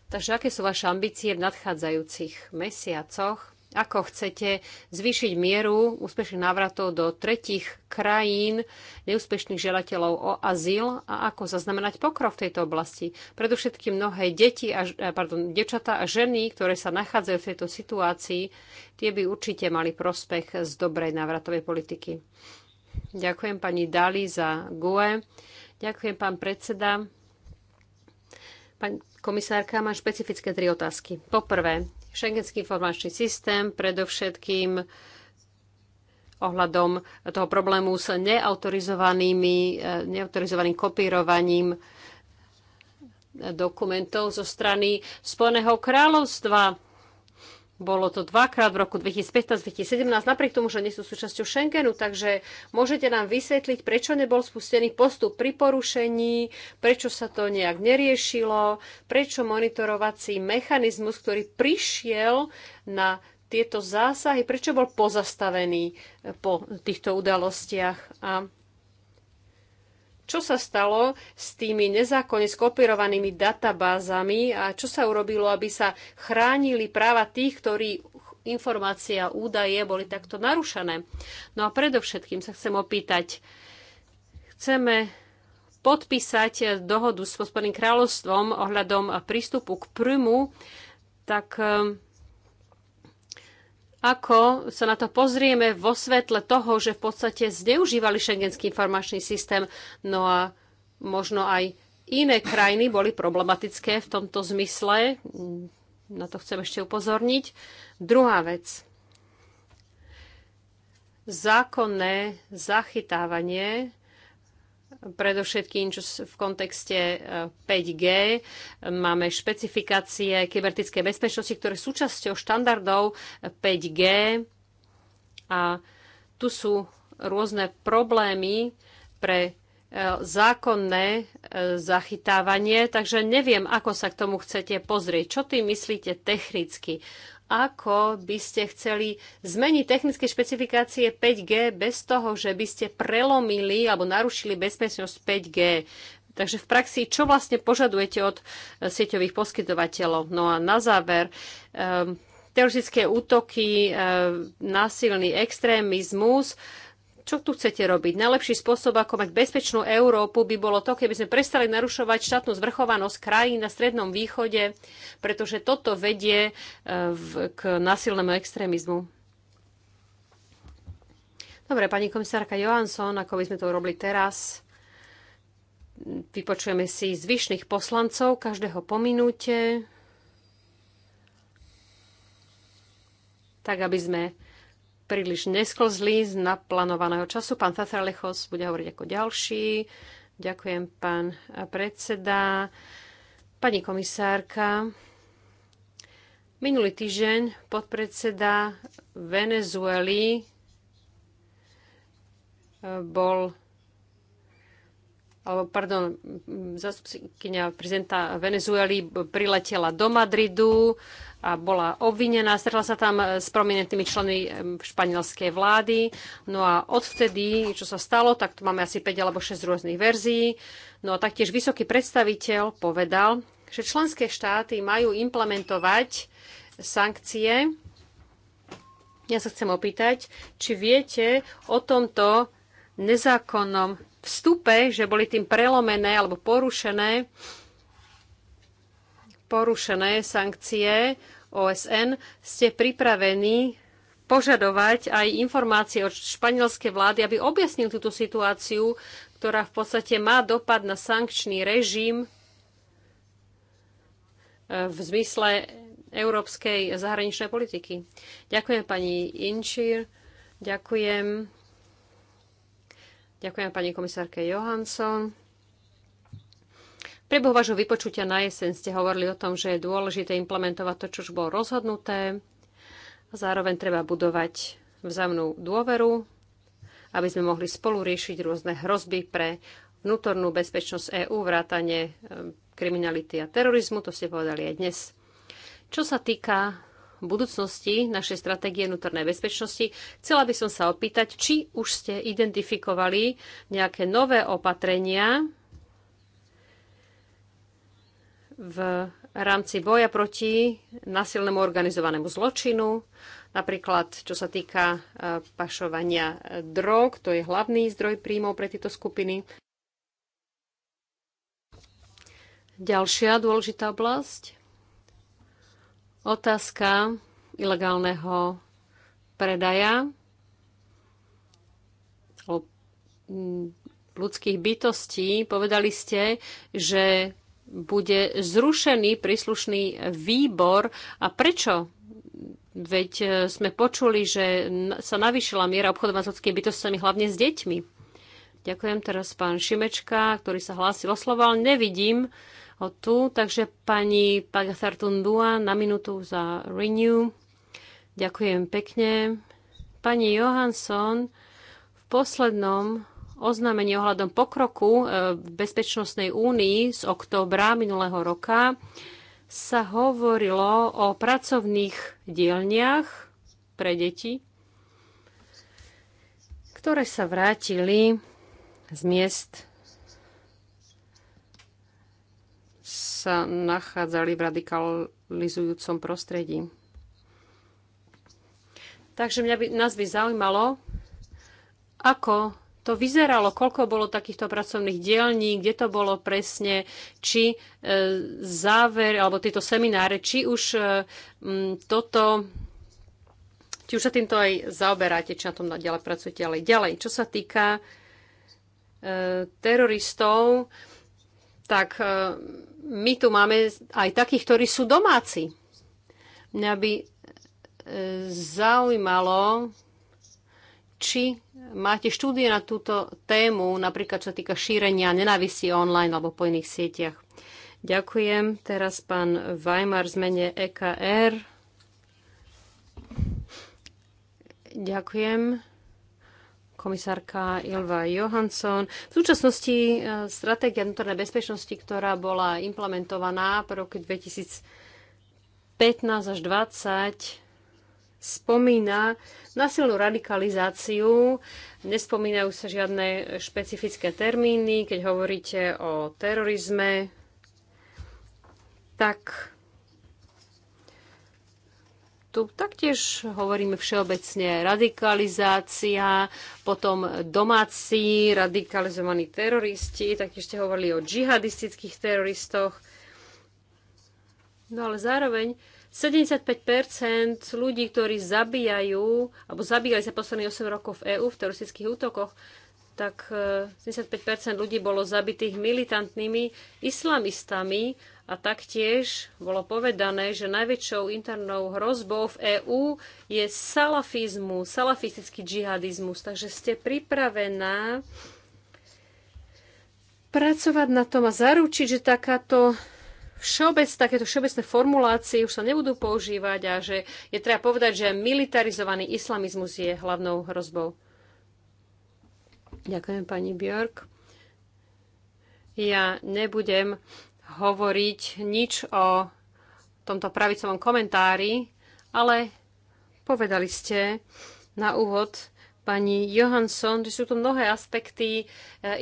[SPEAKER 2] Takže aké sú vaše ambície v nadchádzajúcich mesiacoch? ako chcete zvýšiť mieru úspešných návratov do tretich krajín neúspešných želateľov o azyl a ako zaznamenať pokrok v tejto oblasti. Predovšetkým mnohé deti a, eh, pardon, dečata a ženy, ktoré sa nachádzajú v tejto situácii, tie by určite mali prospech z dobrej návratovej politiky. Ďakujem pani Dali za GUE. Ďakujem pán predseda. Pani komisárka, mám špecifické tri otázky. Poprvé, Schengenský informačný systém, predovšetkým ohľadom toho problému s neautorizovanými, e, neautorizovaným kopírovaním dokumentov zo strany Spojeného kráľovstva. Bolo to dvakrát v roku 2015-2017, napriek tomu, že nie sú súčasťou Schengenu, takže môžete nám vysvetliť, prečo nebol spustený postup pri porušení, prečo sa to nejak neriešilo, prečo monitorovací mechanizmus, ktorý prišiel na tieto zásahy, prečo bol pozastavený po týchto udalostiach. A čo sa stalo s tými nezákonne skopirovanými databázami a čo sa urobilo, aby sa chránili práva tých, ktorí informácie a údaje boli takto narušené. No a predovšetkým sa chcem opýtať, chceme podpísať dohodu s Spojeným kráľovstvom ohľadom prístupu k Prümu, tak ako sa na to pozrieme vo svetle toho, že v podstate zneužívali šengenský informačný systém, no a možno aj iné krajiny boli problematické v tomto zmysle. Na to chcem ešte upozorniť. Druhá vec. Zákonné zachytávanie predovšetkým čo v kontexte 5G. E, Máme špecifikácie kybernetickej bezpečnosti, ktoré sú súčasťou štandardov 5G e, a tu sú rôzne problémy pre e, zákonné zachytávanie, takže neviem, ako sa k tomu chcete pozrieť. Čo tým myslíte technicky? ako by ste chceli zmeniť technické špecifikácie 5G bez toho, že by ste prelomili alebo narušili bezpečnosť 5G. Takže v praxi, čo vlastne požadujete od eh, sieťových poskytovateľov? No a na záver, um, teroristické útoky, um, násilný extrémizmus, čo tu chcete robiť? Najlepší spôsob, ako mať bezpečnú Európu, by bolo to, keby sme prestali narušovať štátnu zvrchovanosť krajín na Strednom východe, pretože toto vedie e, k násilnému extrémizmu. Dobre, pani komisárka Johansson, ako by sme to robili teraz, vypočujeme si zvyšných poslancov, každého po minúte. tak aby sme príliš nesklzli z naplánovaného času. Pán Lechos bude hovoriť ako ďalší. Ďakujem, pán predseda. Pani komisárka, minulý týždeň podpredseda Venezuely bol alebo pardon, zastupkynia prezidenta Venezueli priletela do Madridu a bola obvinená, stretla sa tam s prominentnými členmi španielskej vlády. No a odvtedy, čo sa stalo, tak tu máme asi 5 alebo 6 rôznych verzií. No a taktiež vysoký predstaviteľ povedal, že členské štáty majú implementovať sankcie. Ja sa chcem opýtať, či viete o tomto nezákonnom vstupe, že boli tým prelomené alebo porušené, porušené sankcie OSN, ste pripravení požadovať aj informácie od španielskej vlády, aby objasnil túto situáciu, ktorá v podstate má dopad na sankčný režim e, v zmysle európskej zahraničnej politiky. Ďakujem pani Inčír, ďakujem Ďakujem pani komisárke Johansson. Priebehu vášho vypočutia na jeseň ste hovorili o tom, že je dôležité implementovať to, čo už bolo rozhodnuté. A zároveň treba budovať vzájomnú dôveru, aby sme mohli spolu riešiť rôzne hrozby pre vnútornú bezpečnosť EÚ, vrátanie ehm, kriminality a terorizmu. To ste povedali aj dnes. Čo sa týka budúcnosti našej stratégie vnútornej bezpečnosti. Chcela by som sa opýtať, či už ste identifikovali nejaké nové opatrenia v rámci boja proti násilnému organizovanému zločinu, napríklad čo sa týka e, pašovania drog, to je hlavný zdroj príjmov pre tieto skupiny. Ďalšia dôležitá oblasť Otázka ilegálneho predaja mm, ľudských bytostí. Povedali ste, že bude zrušený príslušný výbor. A prečo? Veď e, sme počuli, že sa navýšila miera obchodovať s ľudskými bytostami hlavne s deťmi. Ďakujem teraz pán Šimečka, ktorý sa hlásil o slovo, ale nevidím tu. Takže pani Pagasartundua na minútu za Renew. Ďakujem pekne. Pani Johansson, v poslednom oznámení ohľadom pokroku e, v Bezpečnostnej únii z októbra minulého roka sa hovorilo o pracovných dielniach pre deti, ktoré sa vrátili z miest sa nachádzali v radikalizujúcom prostredí. Takže mňa by, nás by zaujímalo, ako to vyzeralo, koľko bolo takýchto pracovných dielní, kde to bolo presne, či e, záver, alebo tieto semináre, či už e, m, toto, či už sa týmto aj zaoberáte, či na tom ďalej pracujete, ale ďalej. Čo sa týka e, teroristov, e, tak e, my tu máme aj takých, ktorí sú domáci. Mňa by e, zaujímalo, či máte štúdie na túto tému, napríklad čo týka šírenia nenávisí online alebo po iných sieťach. Ďakujem. Teraz pán Weimar z mene EKR. Ďakujem komisárka Ilva Johansson. V súčasnosti e, stratégia vnútornej bezpečnosti, ktorá bola implementovaná po roku 2015 až 2020, spomína násilnú radikalizáciu. Nespomínajú sa žiadne špecifické termíny, keď hovoríte o terorizme, tak tu taktiež hovoríme všeobecne radikalizácia, potom domáci radikalizovaní teroristi, tak ešte hovorili o džihadistických teroristoch. No ale zároveň 75% ľudí, ktorí zabíjajú, alebo zabíjali sa posledných 8 rokov v EÚ v teroristických útokoch, tak 75% eh, ľudí bolo zabitých militantnými islamistami, a taktiež bolo povedané, že najväčšou internou hrozbou v EÚ je salafizmus, salafistický džihadizmus. Takže ste pripravená pracovať na tom a zaručiť, že takáto všeobec, takéto všeobecné formulácie už sa nebudú používať a že je treba povedať, že militarizovaný islamizmus je hlavnou hrozbou. Ďakujem, pani Björk. Ja nebudem hovoriť nič o tomto pravicovom komentári, ale povedali ste na úvod, pani Johansson, že sú tu mnohé aspekty, e,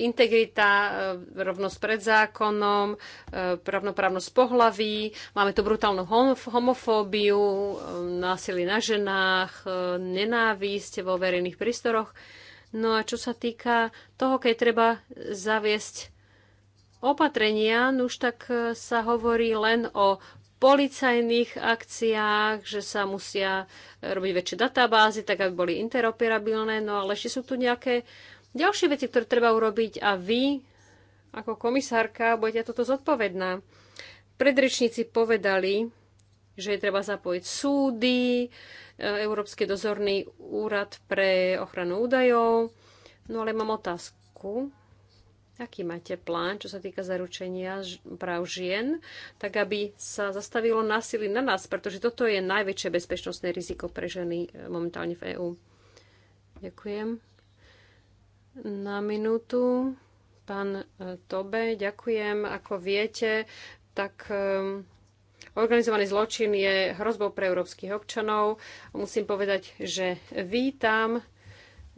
[SPEAKER 2] integrita, e, rovnosť pred zákonom, e, rovnoprávnosť pohlaví, máme tu brutálnu homofóbiu, násilie na ženách, nenávisť vo verejných prístoroch. No a čo sa týka toho, keď treba zaviesť opatrenia, už tak e, sa hovorí len o policajných akciách, že sa musia e, robiť väčšie databázy, tak aby boli interoperabilné, no ale ešte sú tu nejaké ďalšie veci, ktoré treba urobiť a vy ako komisárka budete toto zodpovedná. Predrečníci povedali, že je treba zapojiť súdy, e, Európsky dozorný úrad pre ochranu údajov. No ale mám otázku. Aký máte plán, čo sa týka zaručenia práv žien, tak aby sa zastavilo násilie na nás, pretože toto je najväčšie bezpečnostné riziko pre ženy e, momentálne v EÚ. Ďakujem. Na minútu. Pán e, Tobe, ďakujem. Ako viete, tak e, Organizovaný zločin je hrozbou pre európskych občanov. Musím povedať, že vítam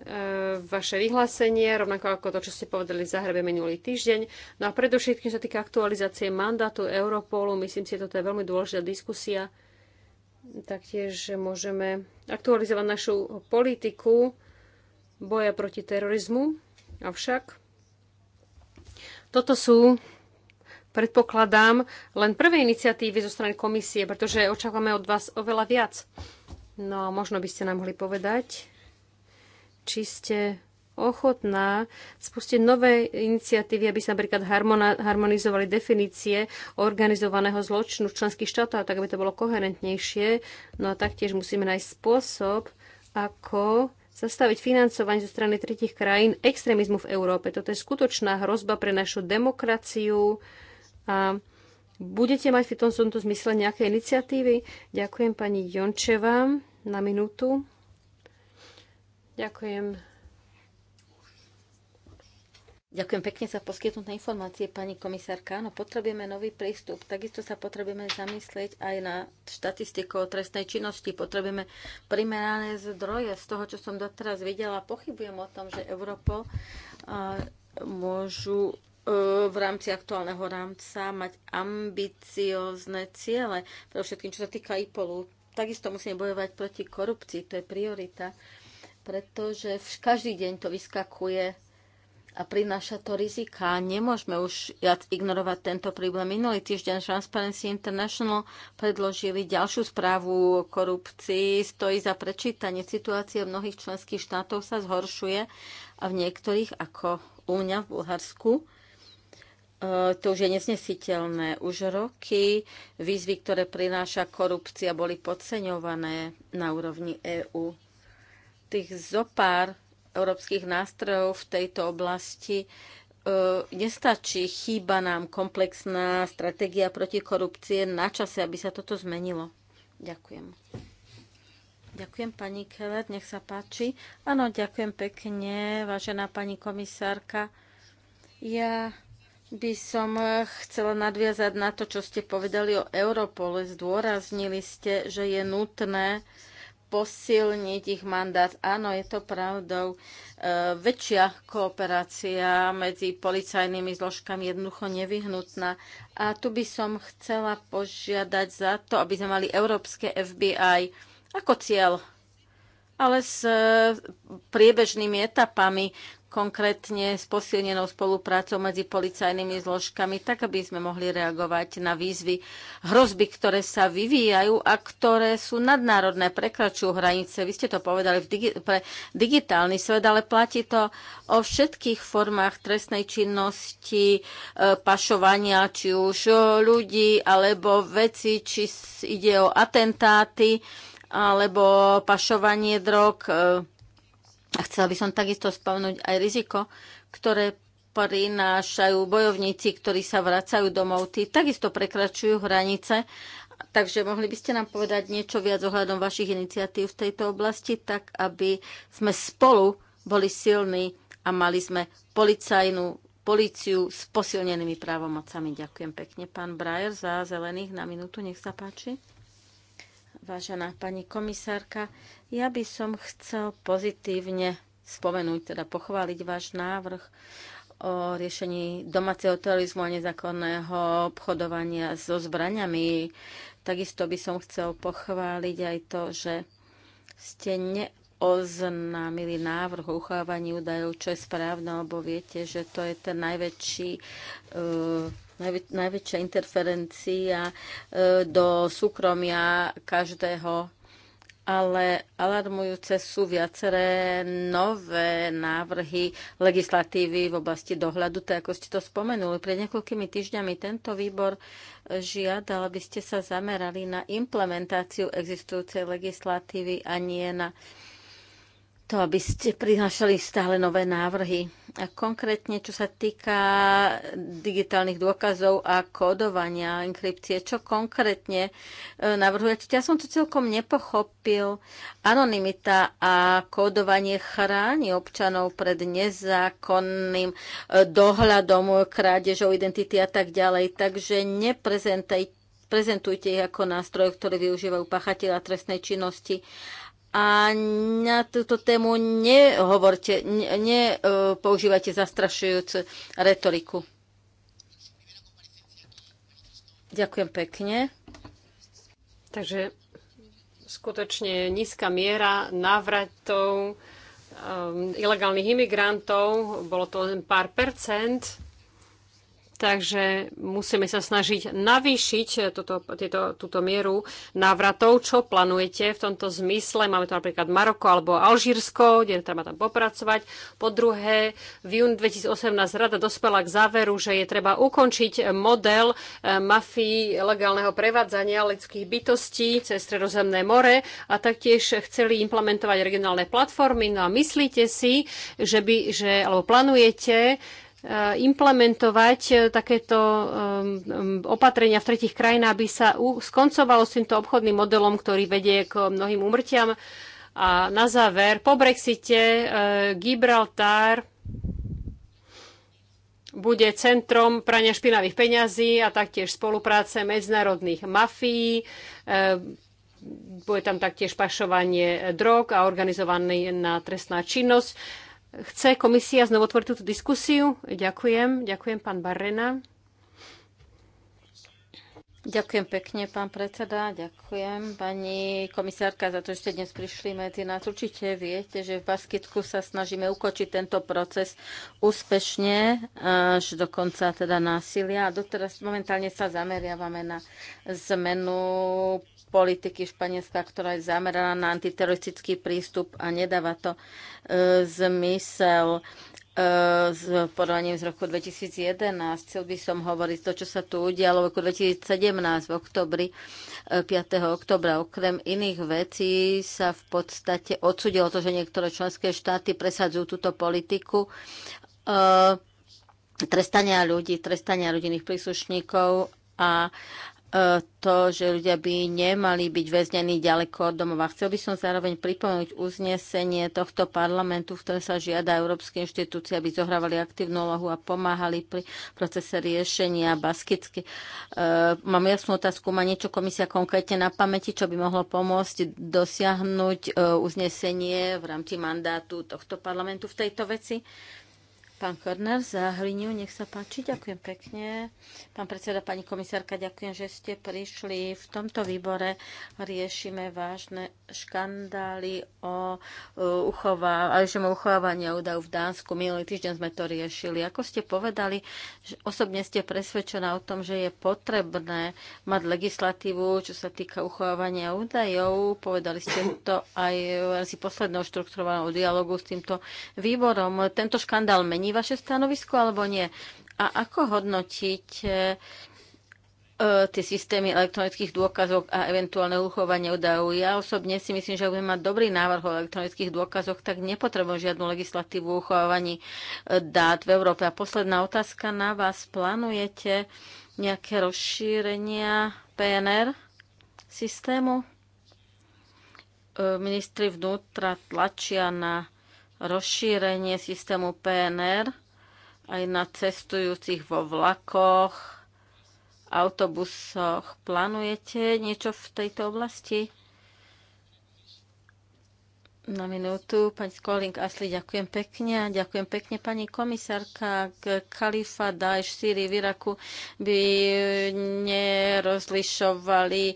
[SPEAKER 2] E, vaše vyhlásenie, rovnako ako to, čo ste povedali v Zahrebe minulý týždeň. No a predovšetkým sa týka aktualizácie mandátu Europolu. Myslím si, že toto je veľmi dôležitá diskusia. Taktiež môžeme aktualizovať našu politiku boja proti terorizmu. Avšak toto sú predpokladám, len prvé iniciatívy zo strany komisie, pretože očakávame od vás oveľa viac. No a možno by ste nám mohli povedať, či ste ochotná spustiť nové iniciatívy, aby sa napríklad harmonizovali definície organizovaného zločinu v členských štátov, tak aby to bolo koherentnejšie. No a taktiež musíme nájsť spôsob, ako zastaviť financovanie zo strany tretich krajín extrémizmu v Európe. Toto je skutočná hrozba pre našu demokraciu. A budete mať v tomto zmysle nejaké iniciatívy? Ďakujem pani Jončeva na minútu. Ďakujem. Ďakujem pekne za poskytnuté
[SPEAKER 3] informácie, pani komisárka. No, potrebujeme nový prístup. Takisto sa potrebujeme zamyslieť aj na štatistiku o trestnej činnosti. Potrebujeme primerané zdroje. Z toho, čo som doteraz videla, pochybujem o tom, že Europol môžu e, v rámci aktuálneho rámca mať ambiciózne ciele, pre všetkým, čo sa týka IPOLu. Takisto musíme bojovať proti korupcii, to je priorita pretože každý deň to vyskakuje a prináša to rizika. Nemôžeme už viac ignorovať tento problém. Minulý týždeň Transparency International predložili ďalšiu správu o korupcii. Stojí za prečítanie. Situácia v mnohých členských štátoch sa zhoršuje a v niektorých, ako u mňa v Bulharsku, e, to už je nesnesiteľné. Už roky výzvy, ktoré prináša korupcia, boli podceňované na úrovni EÚ tých zopár európskych nástrojov v tejto oblasti e, nestačí. Chýba nám komplexná stratégia proti korupcie na čase, aby sa toto zmenilo. Ďakujem. Ďakujem pani Kelet, nech sa páči. Áno, ďakujem pekne, vážená pani komisárka. Ja by som chcela nadviazať na to, čo ste povedali o Europole. Zdôraznili ste, že je nutné posilniť ich mandát. Áno, je to pravdou. E, väčšia kooperácia medzi policajnými zložkami je jednoducho nevyhnutná. A tu by som chcela požiadať za to, aby sme mali európske FBI ako cieľ ale s e, priebežnými etapami, konkrétne s posilnenou spoluprácou medzi policajnými zložkami, tak aby sme mohli reagovať na výzvy, hrozby, ktoré sa vyvíjajú a ktoré sú nadnárodné, prekračujú hranice. Vy ste to povedali v digi- pre digitálny svet, ale platí to o všetkých formách trestnej činnosti, e, pašovania, či už ľudí alebo veci, či ide o atentáty alebo pašovanie drog. A e, chcela by som takisto spavnúť aj riziko, ktoré prinášajú bojovníci, ktorí sa vracajú domov. Tí takisto prekračujú hranice. Takže mohli by ste nám povedať niečo viac ohľadom vašich iniciatív v tejto oblasti, tak aby sme spolu boli silní a mali sme policajnú policiu s posilnenými právomocami. Ďakujem pekne, pán Brajer, za zelených na minútu. Nech sa páči vážená pani komisárka. Ja by som chcel pozitívne spomenúť, teda pochváliť váš návrh o riešení domáceho terorizmu a nezákonného obchodovania so zbraniami. Takisto by som chcel pochváliť aj to, že ste neoznámili návrh o uchávaní údajov, čo je správne, lebo viete, že to je ten najväčší uh, najväčšia interferencia e, do súkromia každého ale alarmujúce sú viaceré nové návrhy legislatívy v oblasti dohľadu, tak ako ste to spomenuli. Pred niekoľkými týždňami tento výbor žiadal, aby ste sa zamerali na implementáciu existujúcej legislatívy a nie na uh, to, aby ste prinašali stále nové návrhy. A konkrétne, čo sa týka digitálnych dôkazov a kódovania, enkrypcie, čo konkrétne e, navrhujete? Ja som to celkom nepochopil. Anonymita a kódovanie chráni občanov pred nezákonným e, dohľadom, krádežou identity a tak ďalej. Takže neprezentujte ich ako nástroj, ktorý využívajú pachatelia trestnej činnosti a na túto tému nehovorte, nepoužívajte zastrašujúcu retoriku.
[SPEAKER 2] Ďakujem pekne. Takže skutočne nízka miera návratov um, ilegálnych imigrantov, bolo to len pár percent, Takže musíme sa snažiť navýšiť toto, tieto, túto mieru návratov. Čo plánujete v tomto zmysle? Máme tu napríklad Maroko alebo Alžírsko, kde treba tam popracovať. Po druhé, v júni 2018 rada dospela k záveru, že je treba ukončiť model eh, mafii legálneho prevádzania ľudských bytostí cez Stredozemné more a taktiež chceli implementovať regionálne platformy. No a myslíte si, že by, že, alebo plánujete, Eh, implementovať eh, takéto eh, opatrenia v tretich krajinách, aby sa skoncovalo s týmto obchodným modelom, ktorý vedie k mnohým úmrtiam A na záver, po Brexite Gibraltar bude centrom prania špinavých peňazí a taktiež spolupráce medzinárodných mafií. Bude tam taktiež pašovanie drog a organizovaný na trestná činnosť. Chce komisia znovu otvoriť túto diskusiu? Ďakujem. Ďakujem, pán Barrena. Ďakujem pekne, pán predseda.
[SPEAKER 3] Ďakujem pani komisárka za to, že ste dnes prišli medzi nás. Určite viete, že v Baskitku sa snažíme ukočiť tento proces úspešne až do konca teda násilia. A doteraz momentálne sa zameriavame na zmenu politiky Španielska, ktorá je zameraná na antiteroristický prístup a nedáva to e, zmysel e, s porovnaním z roku 2011. Chcel by som hovoriť to, čo sa tu udialo v roku 2017 v oktobri, 5. E, oktobra. Okrem iných vecí sa v podstate odsudilo to, že niektoré členské štáty presadzujú túto politiku e, trestania ľudí, trestania rodinných príslušníkov a E, to, že ľudia by nemali byť väznení ďaleko od domova. Chcel by som zároveň pripomenúť uznesenie tohto parlamentu, v ktorom sa žiada európske inštitúcie, aby zohrávali aktívnu úlohu a pomáhali pri procese riešenia baskicky. E, mám jasnú otázku, má niečo komisia konkrétne na pamäti, čo by mohlo pomôcť dosiahnuť e, uznesenie v rámci mandátu tohto parlamentu v tejto veci? Pán Körner za Hliniu, nech sa páči, ďakujem pekne. Pán predseda, pani komisárka, ďakujem, že ste prišli. V tomto výbore riešime vážne škandály o uh, uchová, uchovávania údajov v Dánsku. Minulý týždeň sme to riešili. Ako ste povedali, že osobne ste presvedčená o tom, že je potrebné mať legislatívu, čo sa týka uchovávania údajov. Povedali ste to aj v posledného štrukturovaného dialogu s týmto výborom. Tento škandál mení mení vaše stanovisko alebo nie? A ako hodnotiť e, tie systémy elektronických dôkazov a eventuálne uchovanie údajov. Ja osobne si myslím, že ak budem mať dobrý návrh o elektronických dôkazoch, tak nepotrebujem žiadnu legislatívu o uchovávaní e, dát v Európe. A posledná otázka na vás. Plánujete nejaké rozšírenia PNR systému? E, ministri vnútra tlačia na rozšírenie systému PNR aj na cestujúcich vo vlakoch, autobusoch. Plánujete niečo v tejto oblasti? na minútu. Pani Skolink Asli, ďakujem pekne. Ďakujem pekne pani komisárka. Kalifa, Daesh, Sýrii, v Iraku by nerozlišovali e,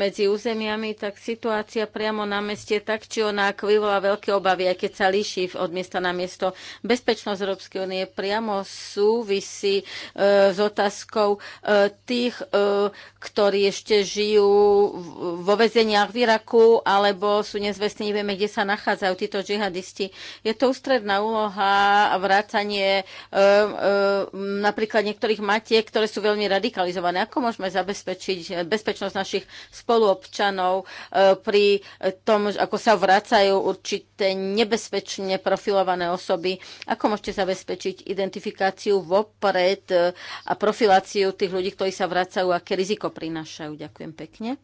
[SPEAKER 3] medzi územiami, tak situácia priamo na meste tak či ona vyvolá veľké obavy, aj keď sa líši od miesta na miesto. Bezpečnosť Európskej únie priamo súvisí e, s otázkou e, tých, e, ktorí ešte žijú vo väzeniach v Iraku alebo sú nezvestní presne nevieme, kde sa nachádzajú títo džihadisti. Je to ústredná úloha a vrácanie e, e, napríklad niektorých matiek, ktoré sú veľmi radikalizované. Ako môžeme zabezpečiť bezpečnosť našich spoluobčanov e, pri tom, ako sa vracajú určité nebezpečne profilované osoby? Ako môžete zabezpečiť identifikáciu vopred e, a profiláciu tých ľudí, ktorí sa vracajú, aké riziko prinášajú? Ďakujem pekne.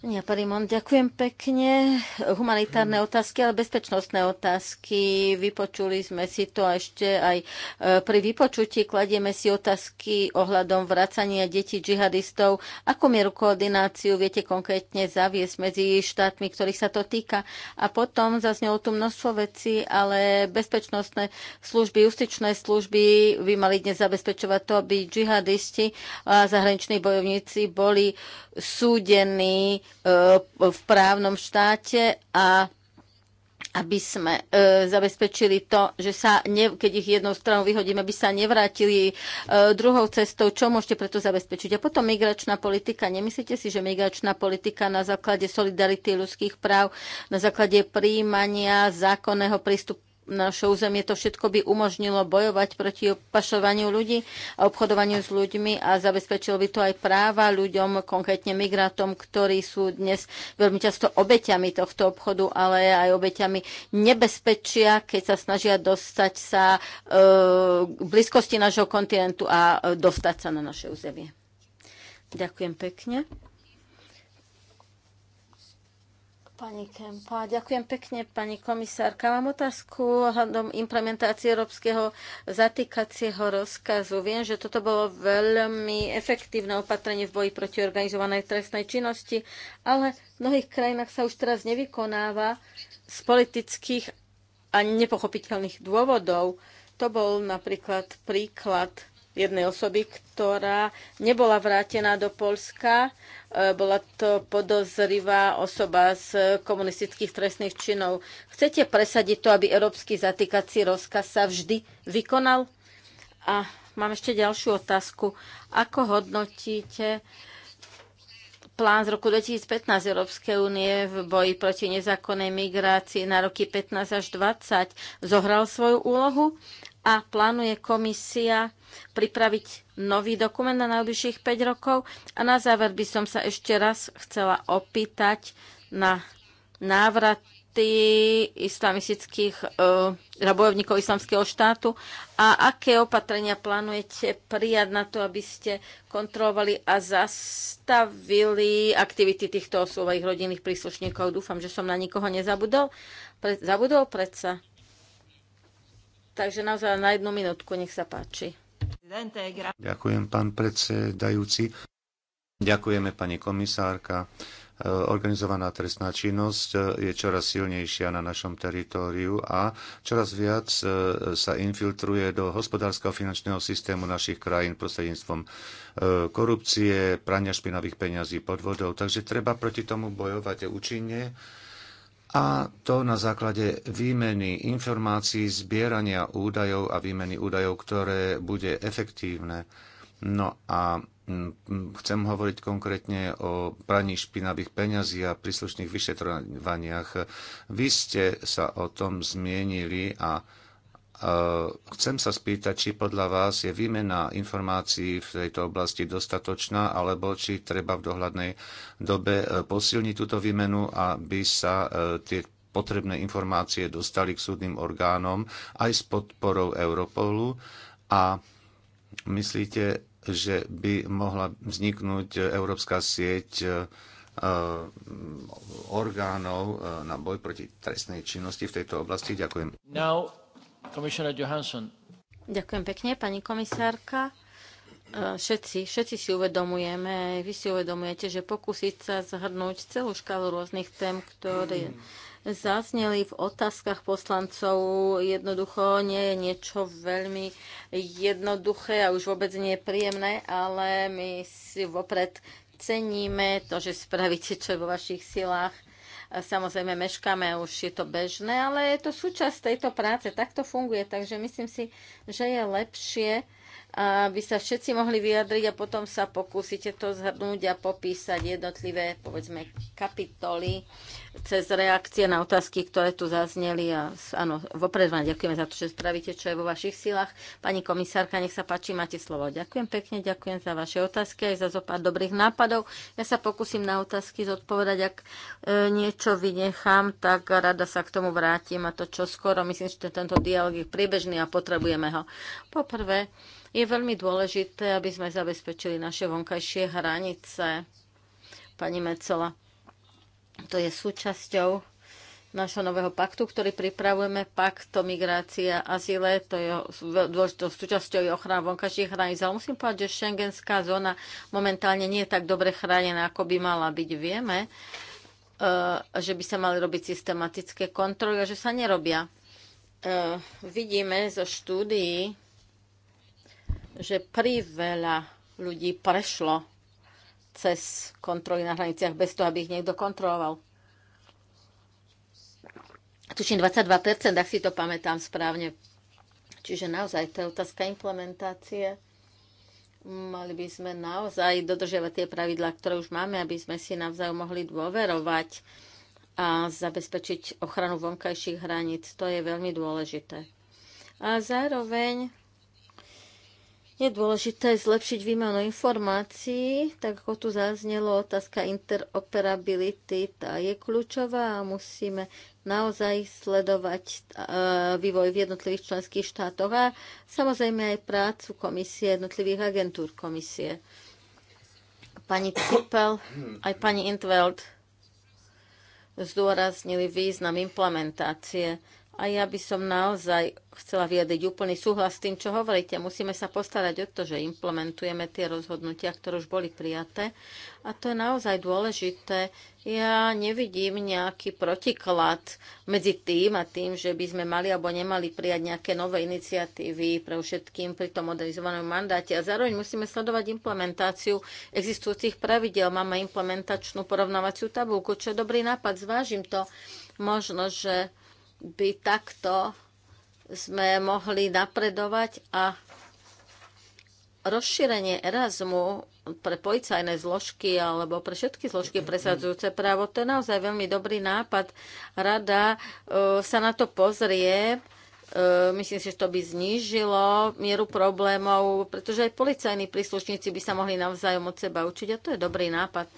[SPEAKER 3] Ja, Parimon, ďakujem pekne. Humanitárne mm. otázky, ale bezpečnostné otázky. Vypočuli sme si to a ešte aj e, pri vypočutí kladieme si otázky ohľadom vracania detí džihadistov. Akú mieru koordináciu viete konkrétne zaviesť medzi štátmi, ktorých sa to týka? A potom zaznelo tu množstvo vecí, ale bezpečnostné služby, justičné služby by mali dnes zabezpečovať to, aby džihadisti a zahraniční bojovníci boli súdení E, v právnom štáte a aby sme e, zabezpečili to, že sa, ne, keď ich jednou stranou vyhodíme, aby sa nevrátili e, druhou cestou. Čo môžete preto zabezpečiť? A potom migračná politika. Nemyslíte si, že migračná politika na základe solidarity ľudských práv, na základe príjmania zákonného prístupu naše územie. To všetko by umožnilo bojovať proti pašovaniu ľudí a obchodovaniu s ľuďmi a zabezpečilo by to aj práva ľuďom, konkrétne migrantom, ktorí sú dnes veľmi často obeťami tohto obchodu, ale aj obeťami nebezpečia, keď sa snažia dostať sa v e, blízkosti nášho kontinentu a e, dostať sa na naše územie. Ďakujem pekne. Pani Kempa, ďakujem pekne, pani komisárka. Mám otázku ohľadom implementácie európskeho zatýkacieho rozkazu. Viem, že toto bolo veľmi efektívne opatrenie v boji proti organizovanej trestnej činnosti, ale v mnohých krajinách sa už teraz nevykonáva z politických a nepochopiteľných dôvodov. To bol napríklad príklad jednej osoby, ktorá nebola vrátená do Polska. E, bola to podozrivá osoba z komunistických trestných činov. Chcete presadiť to, aby európsky zatýkací rozkaz sa vždy vykonal? A mám ešte ďalšiu otázku. Ako hodnotíte plán z roku 2015 Európskej únie v boji proti nezákonnej migrácii na roky 15 až 20 zohral svoju úlohu a plánuje komisia pripraviť nový dokument na najbližších 5 rokov. A na záver by som sa ešte raz chcela opýtať na návraty islamistických uh, bojovníkov islamského štátu a aké opatrenia plánujete prijať na to, aby ste kontrolovali a zastavili aktivity týchto osôb a ich rodinných príslušníkov. Dúfam, že som na nikoho nezabudol. Pre, zabudol predsa Takže naozaj na jednu minútku, nech sa páči.
[SPEAKER 1] Ďakujem, pán predsedajúci. Ďakujeme, pani komisárka. E, organizovaná trestná činnosť e, je čoraz silnejšia na našom teritóriu a čoraz viac e, sa infiltruje do hospodárskeho finančného systému našich krajín prostredníctvom korupcie, prania špinavých peňazí, podvodov. Takže treba proti tomu bojovať účinne a to na základe výmeny informácií, zbierania údajov a výmeny údajov, ktoré bude efektívne. No a mm, chcem hovoriť konkrétne o praní špinavých peňazí a príslušných vyšetrovaniach. Vy ste sa o tom zmienili a Eh, chcem sa spýtať, či podľa vás je výmena informácií v tejto oblasti dostatočná, alebo či treba v dohľadnej dobe eh, posilniť túto výmenu, aby sa eh, tie potrebné informácie dostali k súdnym orgánom aj s podporou Europolu. A myslíte, že by mohla vzniknúť európska sieť orgánov na boj proti trestnej činnosti v tejto oblasti? Ďakujem.
[SPEAKER 3] Now... Ďakujem pekne, pani komisárka. E, všetci, všetci si uvedomujeme, vy si uvedomujete, že pokúsiť sa zhrnúť celú škálu rôznych tém, ktoré zazneli v otázkach poslancov, jednoducho nie je niečo veľmi jednoduché a už vôbec nie je príjemné, ale my si vopred ceníme to, že spravíte, čo je vo vašich silách Samozrejme, meškáme, už je to bežné, ale je to súčasť tejto práce. Tak to funguje, takže myslím si, že je lepšie aby sa všetci mohli vyjadriť a potom sa pokúsite to zhrnúť a popísať jednotlivé, povedzme, kapitoly cez reakcie na otázky, ktoré tu zazneli. A áno, vopred vám ďakujeme za to, že spravíte, čo je vo vašich silách. Pani komisárka, nech sa páči, máte slovo. Ďakujem pekne, ďakujem za vaše otázky aj za zo pár dobrých nápadov. Ja sa pokúsim na otázky zodpovedať. Ak e, niečo vynechám, tak rada sa k tomu vrátim a to čo skoro. Myslím, že tento dialog je priebežný a potrebujeme ho. Poprvé, je veľmi dôležité, aby sme zabezpečili naše vonkajšie hranice. Pani Mecola, to je súčasťou nášho nového paktu, ktorý pripravujeme, pakt o migrácii a azile, to je dôležitou súčasťou ochrany vonkajších hraníc. Ale musím povedať, že šengenská zóna momentálne nie je tak dobre chránená, ako by mala byť. Vieme, e, že by sa mali robiť systematické kontroly a že sa nerobia. E, vidíme zo štúdií, že veľa ľudí prešlo cez kontroly na hraniciach bez toho, aby ich niekto kontroloval. Tuším 22%, ak si to pamätám správne. Čiže naozaj to je otázka implementácie. Mali by sme naozaj dodržiavať tie pravidlá, ktoré už máme, aby sme si navzájom mohli dôverovať a zabezpečiť ochranu vonkajších hraníc. To je veľmi dôležité. A zároveň je dôležité zlepšiť výmenu informácií, tak ako tu zaznelo, otázka interoperability, tá je kľúčová a musíme naozaj sledovať e, vývoj v jednotlivých členských štátoch a samozrejme aj prácu komisie, jednotlivých agentúr komisie. Pani Cipel, aj pani Intveld zdôraznili význam implementácie a ja by som naozaj chcela vyjadriť úplný súhlas s tým, čo hovoríte. Musíme sa postarať o to, že implementujeme tie rozhodnutia, ktoré už boli prijaté. A to je naozaj dôležité. Ja nevidím nejaký protiklad medzi tým a tým, že by sme mali alebo nemali prijať nejaké nové iniciatívy pre všetkým pri tom modernizovanom mandáte. A zároveň musíme sledovať implementáciu existujúcich pravidel. Máme implementačnú porovnávaciu tabulku, čo je dobrý nápad. Zvážim to. Možno, že by takto sme mohli napredovať a rozšírenie Erasmu pre policajné zložky alebo pre všetky zložky presadzujúce právo, to je naozaj veľmi dobrý nápad. Rada e, sa na to pozrie. E, myslím si, že to by znížilo mieru problémov, pretože aj policajní príslušníci by sa mohli navzájom od seba učiť a to je dobrý nápad.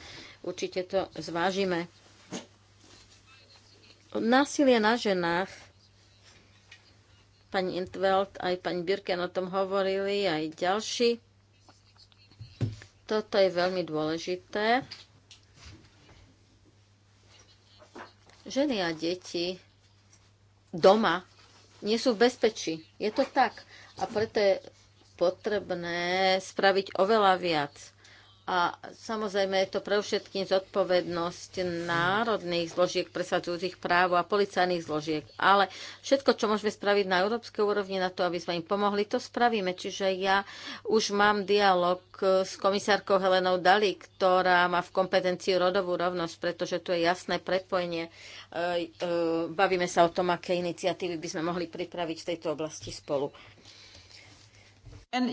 [SPEAKER 3] Určite to zvážime. Násilie na ženách, pani Intveld, aj pani Birken o tom hovorili, aj ďalší. Toto je veľmi dôležité. Ženy a deti doma nie sú v bezpečí. Je to tak. A preto je potrebné spraviť oveľa viac a samozrejme je to pre všetkým zodpovednosť národných zložiek presadzujúcich právo a policajných zložiek. Ale všetko, čo môžeme spraviť na európskej úrovni na to, aby sme im pomohli, to spravíme. Čiže ja už mám dialog s komisárkou Helenou Dali, ktorá má v kompetencii rodovú rovnosť, pretože tu je jasné prepojenie. E, e, bavíme sa o tom, aké iniciatívy by sme mohli pripraviť v tejto oblasti spolu. Uh,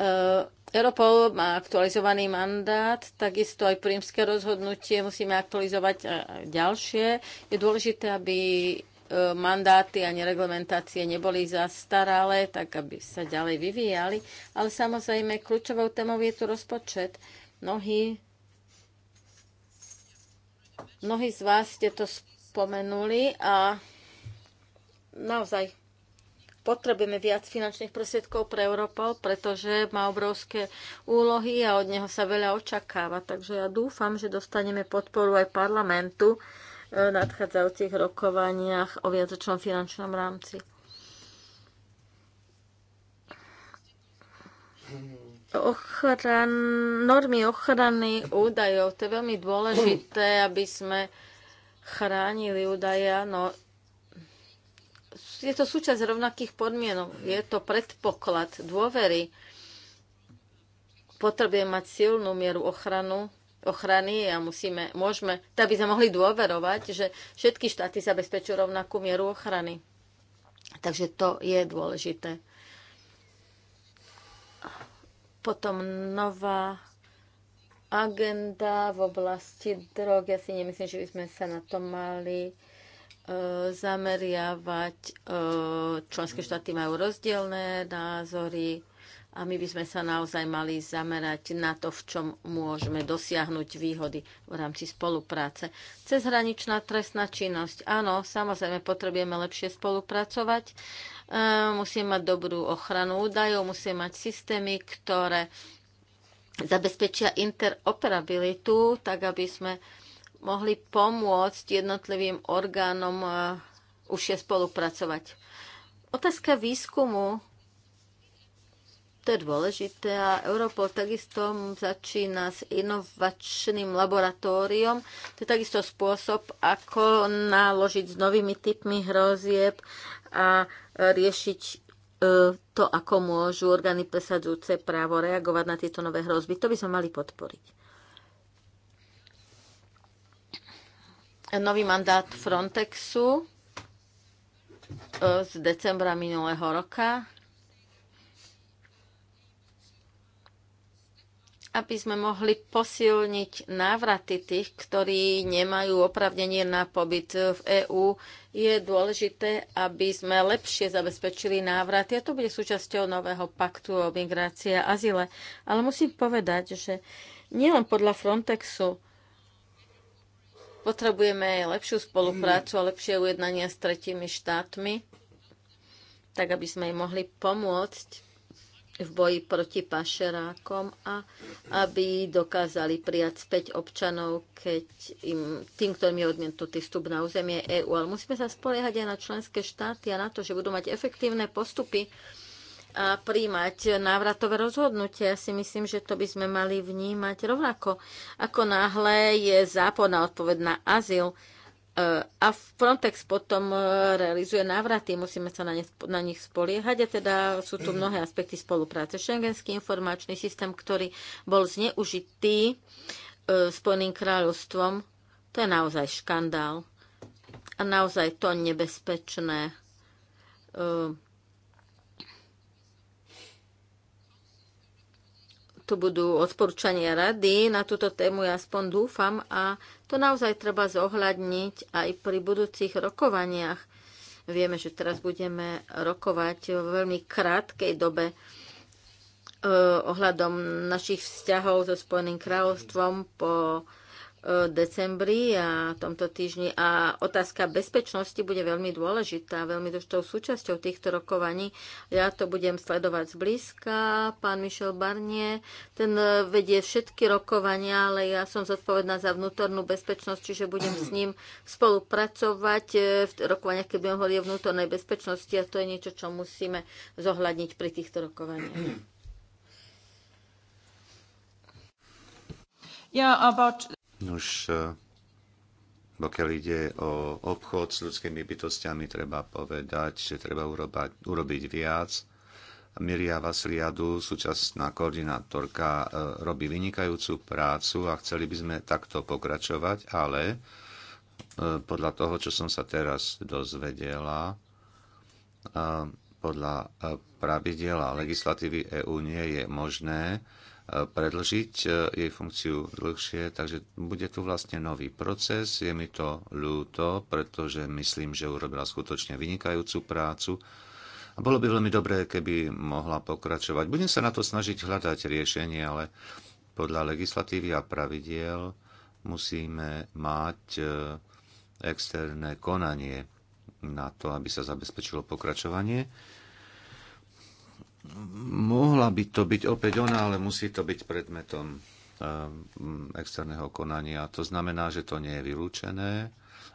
[SPEAKER 3] uh, Europol, má aktualizovaný mandát, takisto aj prímske rozhodnutie musíme aktualizovať uh, ďalšie. Je dôležité, aby mandáty a nereglementácie neboli zastaralé, tak aby sa ďalej vyvíjali. Ale samozrejme, kľúčovou témou je tu rozpočet. Mnohí, mnohí z vás ste to spomenuli a naozaj potrebujeme viac finančných prostriedkov pre Europol, pretože má obrovské úlohy a od neho sa veľa očakáva. Takže ja dúfam, že dostaneme podporu aj parlamentu e, v nadchádzajúcich rokovaniach o viacočnom finančnom rámci. Ochran, normy ochrany údajov, to je veľmi dôležité, aby sme chránili údaje. No, je to súčasť rovnakých podmienok, je to predpoklad dôvery. Potrebuje mať silnú mieru ochranu, ochrany a musíme, môžeme, tak by sme mohli dôverovať, že všetky štáty zabezpečujú rovnakú mieru ochrany. Takže to je dôležité. Potom nová agenda v oblasti drog. Ja si nemyslím, že by sme sa na to mali E, zameriavať. E, členské štáty majú rozdielne názory a my by sme sa naozaj mali zamerať na to, v čom môžeme dosiahnuť výhody v rámci spolupráce. Cezhraničná trestná činnosť. Áno, samozrejme potrebujeme lepšie spolupracovať. E, musíme mať dobrú ochranu údajov, musíme mať systémy, ktoré zabezpečia interoperabilitu, tak aby sme mohli pomôcť jednotlivým orgánom užšie spolupracovať. Otázka výskumu, to je dôležité a Europol takisto začína s inovačným laboratóriom. To je takisto spôsob, ako naložiť s novými typmi hrozieb a riešiť e, to, ako môžu orgány presadzujúce právo reagovať na tieto nové hrozby. To by sme mali podporiť. nový mandát Frontexu e, z decembra minulého roka, aby sme mohli posilniť návraty tých, ktorí nemajú opravnenie na pobyt v EÚ, je dôležité, aby sme lepšie zabezpečili návraty. A to bude súčasťou nového paktu o migrácii a azile. Ale musím povedať, že nielen podľa Frontexu, Potrebujeme aj lepšiu spoluprácu a lepšie ujednania s tretími štátmi, tak aby sme im mohli pomôcť v boji proti pašerákom a aby dokázali prijať späť občanov, keď im, tým, ktorým je odmietnutý vstup na územie EÚ. Ale musíme sa spoliehať aj na členské štáty a na to, že budú mať efektívne postupy, a príjmať návratové rozhodnutie. Ja si myslím, že to by sme mali vnímať rovnako. Ako náhle je záporná odpoveď na azyl e, a Frontex potom e, realizuje návraty, musíme sa na, ne, na nich spoliehať a teda sú tu mnohé aspekty spolupráce. Schengenský informačný systém, ktorý bol zneužitý e, Spojeným kráľovstvom, to je naozaj škandál. A naozaj to nebezpečné tu budú odporúčania rady na túto tému, ja aspoň dúfam, a to naozaj treba zohľadniť aj pri budúcich rokovaniach. Vieme, že teraz budeme rokovať v veľmi krátkej dobe e, ohľadom našich vzťahov so Spojeným kráľovstvom po decembri a tomto týždni. A otázka bezpečnosti bude veľmi dôležitá, veľmi dôležitou súčasťou týchto rokovaní. Ja to budem sledovať zblízka. Pán Michel Barnier, ten eh, vedie všetky rokovania, ale ja som zodpovedná za vnútornú bezpečnosť, čiže budem s ním spolupracovať eh, v rokovaniach, keď budem hovoriť o vnútornej bezpečnosti a to je niečo, čo musíme zohľadniť pri týchto rokovaniach.
[SPEAKER 2] Yeah, about
[SPEAKER 1] už e, pokiaľ ide o obchod s ľudskými bytostiami, treba povedať, že treba urobať, urobiť viac. Miria Vasliadu, súčasná koordinátorka, e, robí vynikajúcu prácu a chceli by sme takto pokračovať, ale e, podľa toho, čo som sa teraz dozvedela, podľa pravidiel a legislatívy EÚ nie je možné predlžiť e, jej funkciu dlhšie, takže bude tu vlastne nový proces. Je mi to ľúto, pretože myslím, že urobila skutočne vynikajúcu prácu a bolo by veľmi dobré, keby mohla pokračovať. Budem sa na to snažiť hľadať riešenie, ale podľa legislatívy a pravidiel musíme mať e, externé konanie na to, aby sa zabezpečilo pokračovanie. Mohla by to byť opäť ona, ale musí to byť predmetom ehm, externého konania. To znamená, že to nie je vylúčené,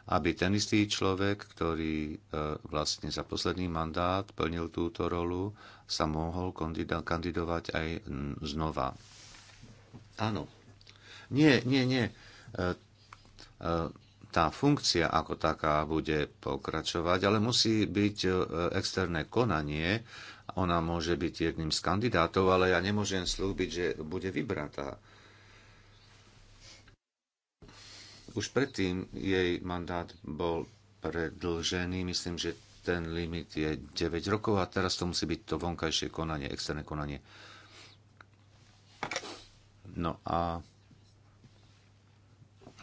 [SPEAKER 1] aby ten istý človek, ktorý ehm, vlastne za posledný mandát plnil túto rolu, sa mohol kandidovať aj mm, znova. Áno. Nie, nie, nie. Ehm, tá funkcia ako taká bude pokračovať, ale musí byť e, externé konanie. Ona môže byť jedným z kandidátov, ale ja nemôžem slúbiť, že bude vybratá. Už predtým jej mandát bol predlžený, myslím, že ten limit je 9 rokov a teraz to musí byť to vonkajšie konanie, externé konanie. No a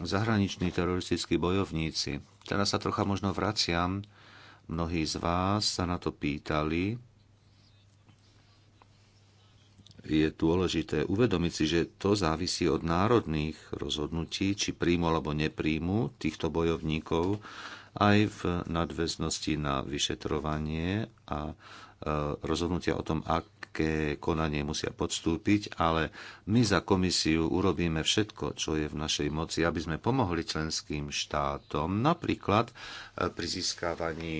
[SPEAKER 1] zahraniční teroristickí bojovníci. Teraz sa trocha možno vraciam. Mnohí z vás sa na to pýtali. Je dôležité uvedomiť si, že to závisí od národných rozhodnutí, či príjmu alebo nepríjmu týchto bojovníkov aj v nadväznosti na vyšetrovanie a E, rozhodnutia o tom, aké konanie musia podstúpiť, ale my za komisiu urobíme všetko, čo je v našej moci, aby sme pomohli členským štátom, napríklad e, pri získavaní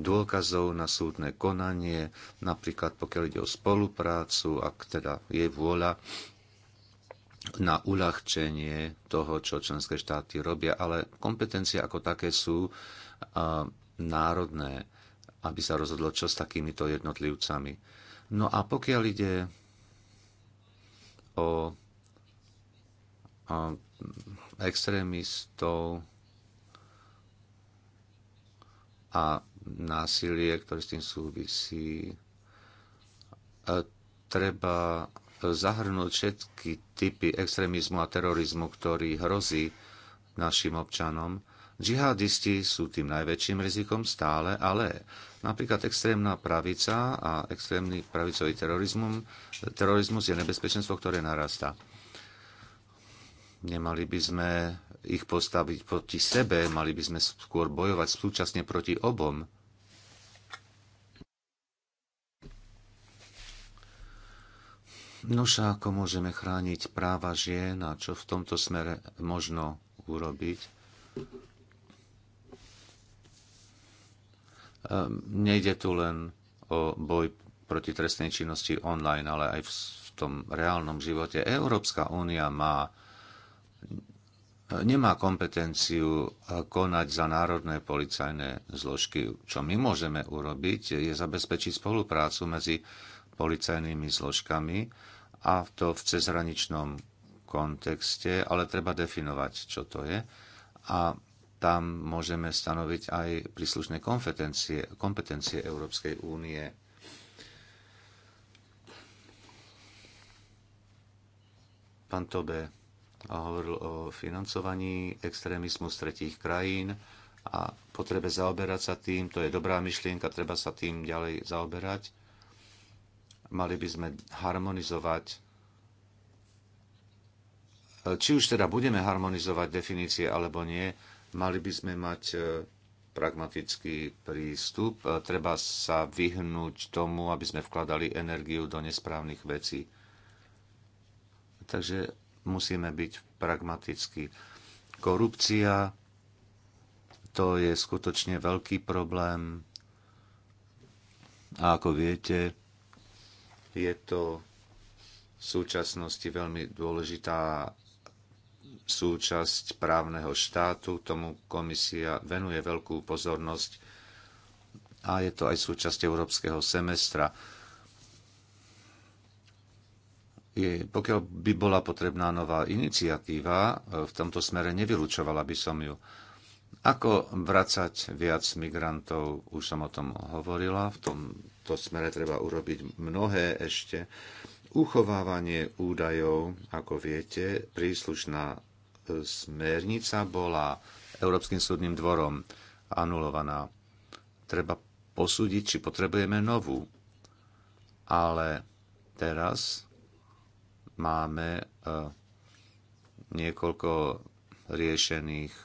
[SPEAKER 1] dôkazov na súdne konanie, napríklad pokiaľ ide o spoluprácu, ak teda je vôľa na uľahčenie toho, čo členské štáty robia, ale kompetencie ako také sú národné aby sa rozhodlo, čo s takýmito jednotlivcami. No a pokiaľ ide o, o extrémistov a násilie, ktoré s tým súvisí, e, treba zahrnúť všetky typy extrémizmu a terorizmu, ktorý hrozí našim občanom Džihadisti sú tým najväčším rizikom stále, ale napríklad extrémna pravica a extrémny pravicový terorizmus, terorizmus je nebezpečenstvo, ktoré narastá. Nemali by sme ich postaviť proti sebe, mali by sme skôr bojovať súčasne proti obom. No ako môžeme chrániť práva žien a čo v tomto smere možno urobiť? Ehm, nejde tu len o boj proti trestnej činnosti online, ale aj v tom reálnom živote. Európska únia má, e, nemá kompetenciu e, konať za národné policajné zložky. Čo my môžeme urobiť, je zabezpečiť spoluprácu medzi policajnými zložkami a to v cezhraničnom kontexte, ale treba definovať, čo to je. A tam môžeme stanoviť aj príslušné kompetencie, kompetencie Európskej únie. Pán Tobe hovoril o financovaní extrémizmu z tretích krajín a potrebe zaoberať sa tým. To je dobrá myšlienka, treba sa tým ďalej zaoberať. Mali by sme harmonizovať či už teda budeme harmonizovať definície alebo nie, Mali by sme mať e, pragmatický prístup. E, treba sa vyhnúť tomu, aby sme vkladali energiu do nesprávnych vecí. Takže musíme byť pragmatickí. Korupcia to je skutočne veľký problém. A ako viete, je to v súčasnosti veľmi dôležitá súčasť právneho štátu, tomu komisia venuje veľkú pozornosť a je to aj súčasť európskeho semestra. Je, pokiaľ by bola potrebná nová iniciatíva, e, v tomto smere nevylučovala by som ju. Ako vracať viac migrantov, už som o tom hovorila, v tomto smere treba urobiť mnohé ešte. Uchovávanie údajov, ako viete, príslušná smernica bola Európskym súdnym dvorom anulovaná. Treba posúdiť, či potrebujeme novú. Ale teraz máme e, niekoľko riešených e,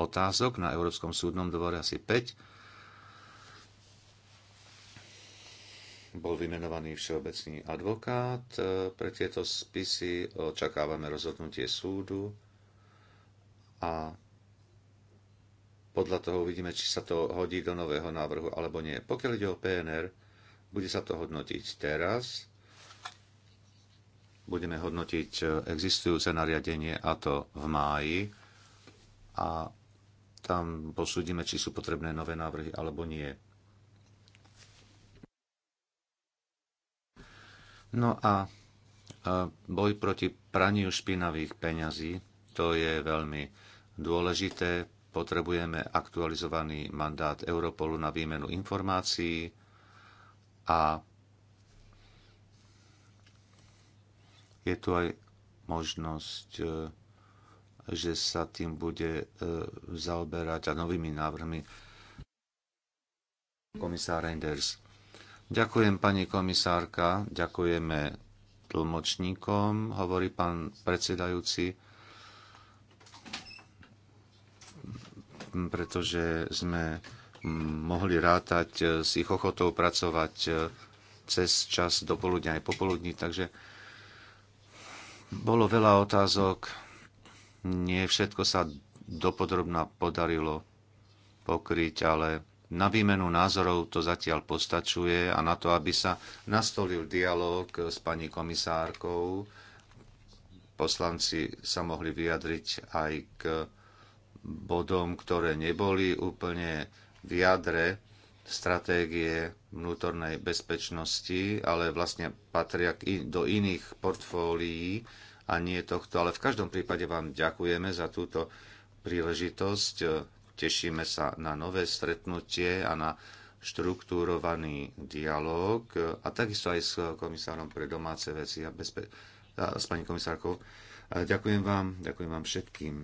[SPEAKER 1] otázok na Európskom súdnom dvore, asi 5 bol vymenovaný všeobecný advokát. E, pre tieto spisy očakávame rozhodnutie súdu a podľa toho uvidíme, či sa to hodí do nového návrhu alebo nie. Pokiaľ ide o PNR, bude sa to hodnotiť teraz. Budeme hodnotiť e, existujúce nariadenie a to v máji a tam posúdime, či sú potrebné nové návrhy alebo nie. No a boj proti praniu špinavých peňazí, to je veľmi dôležité. Potrebujeme aktualizovaný mandát Europolu na výmenu informácií a je tu aj možnosť, e, že sa tým bude e, zaoberať a novými návrhmi komisár Reinders. Ďakujem, pani komisárka, ďakujeme tlmočníkom, hovorí pán predsedajúci, pretože sme mohli rátať s ich ochotou pracovať cez čas do aj popoludní, takže bolo veľa otázok, nie všetko sa dopodrobná podarilo pokryť, ale na výmenu názorov to zatiaľ postačuje a na to, aby sa nastolil dialog s pani komisárkou, poslanci sa mohli vyjadriť aj k bodom, ktoré neboli úplne v jadre stratégie vnútornej bezpečnosti, ale vlastne patria do iných portfólií a nie tohto. Ale v každom prípade vám ďakujeme za túto príležitosť Tešíme sa na nové stretnutie a na štruktúrovaný dialog e, a takisto aj s komisárom pre domáce veci a, bezpe- a s pani komisárkou. E, ďakujem vám, ďakujem vám všetkým.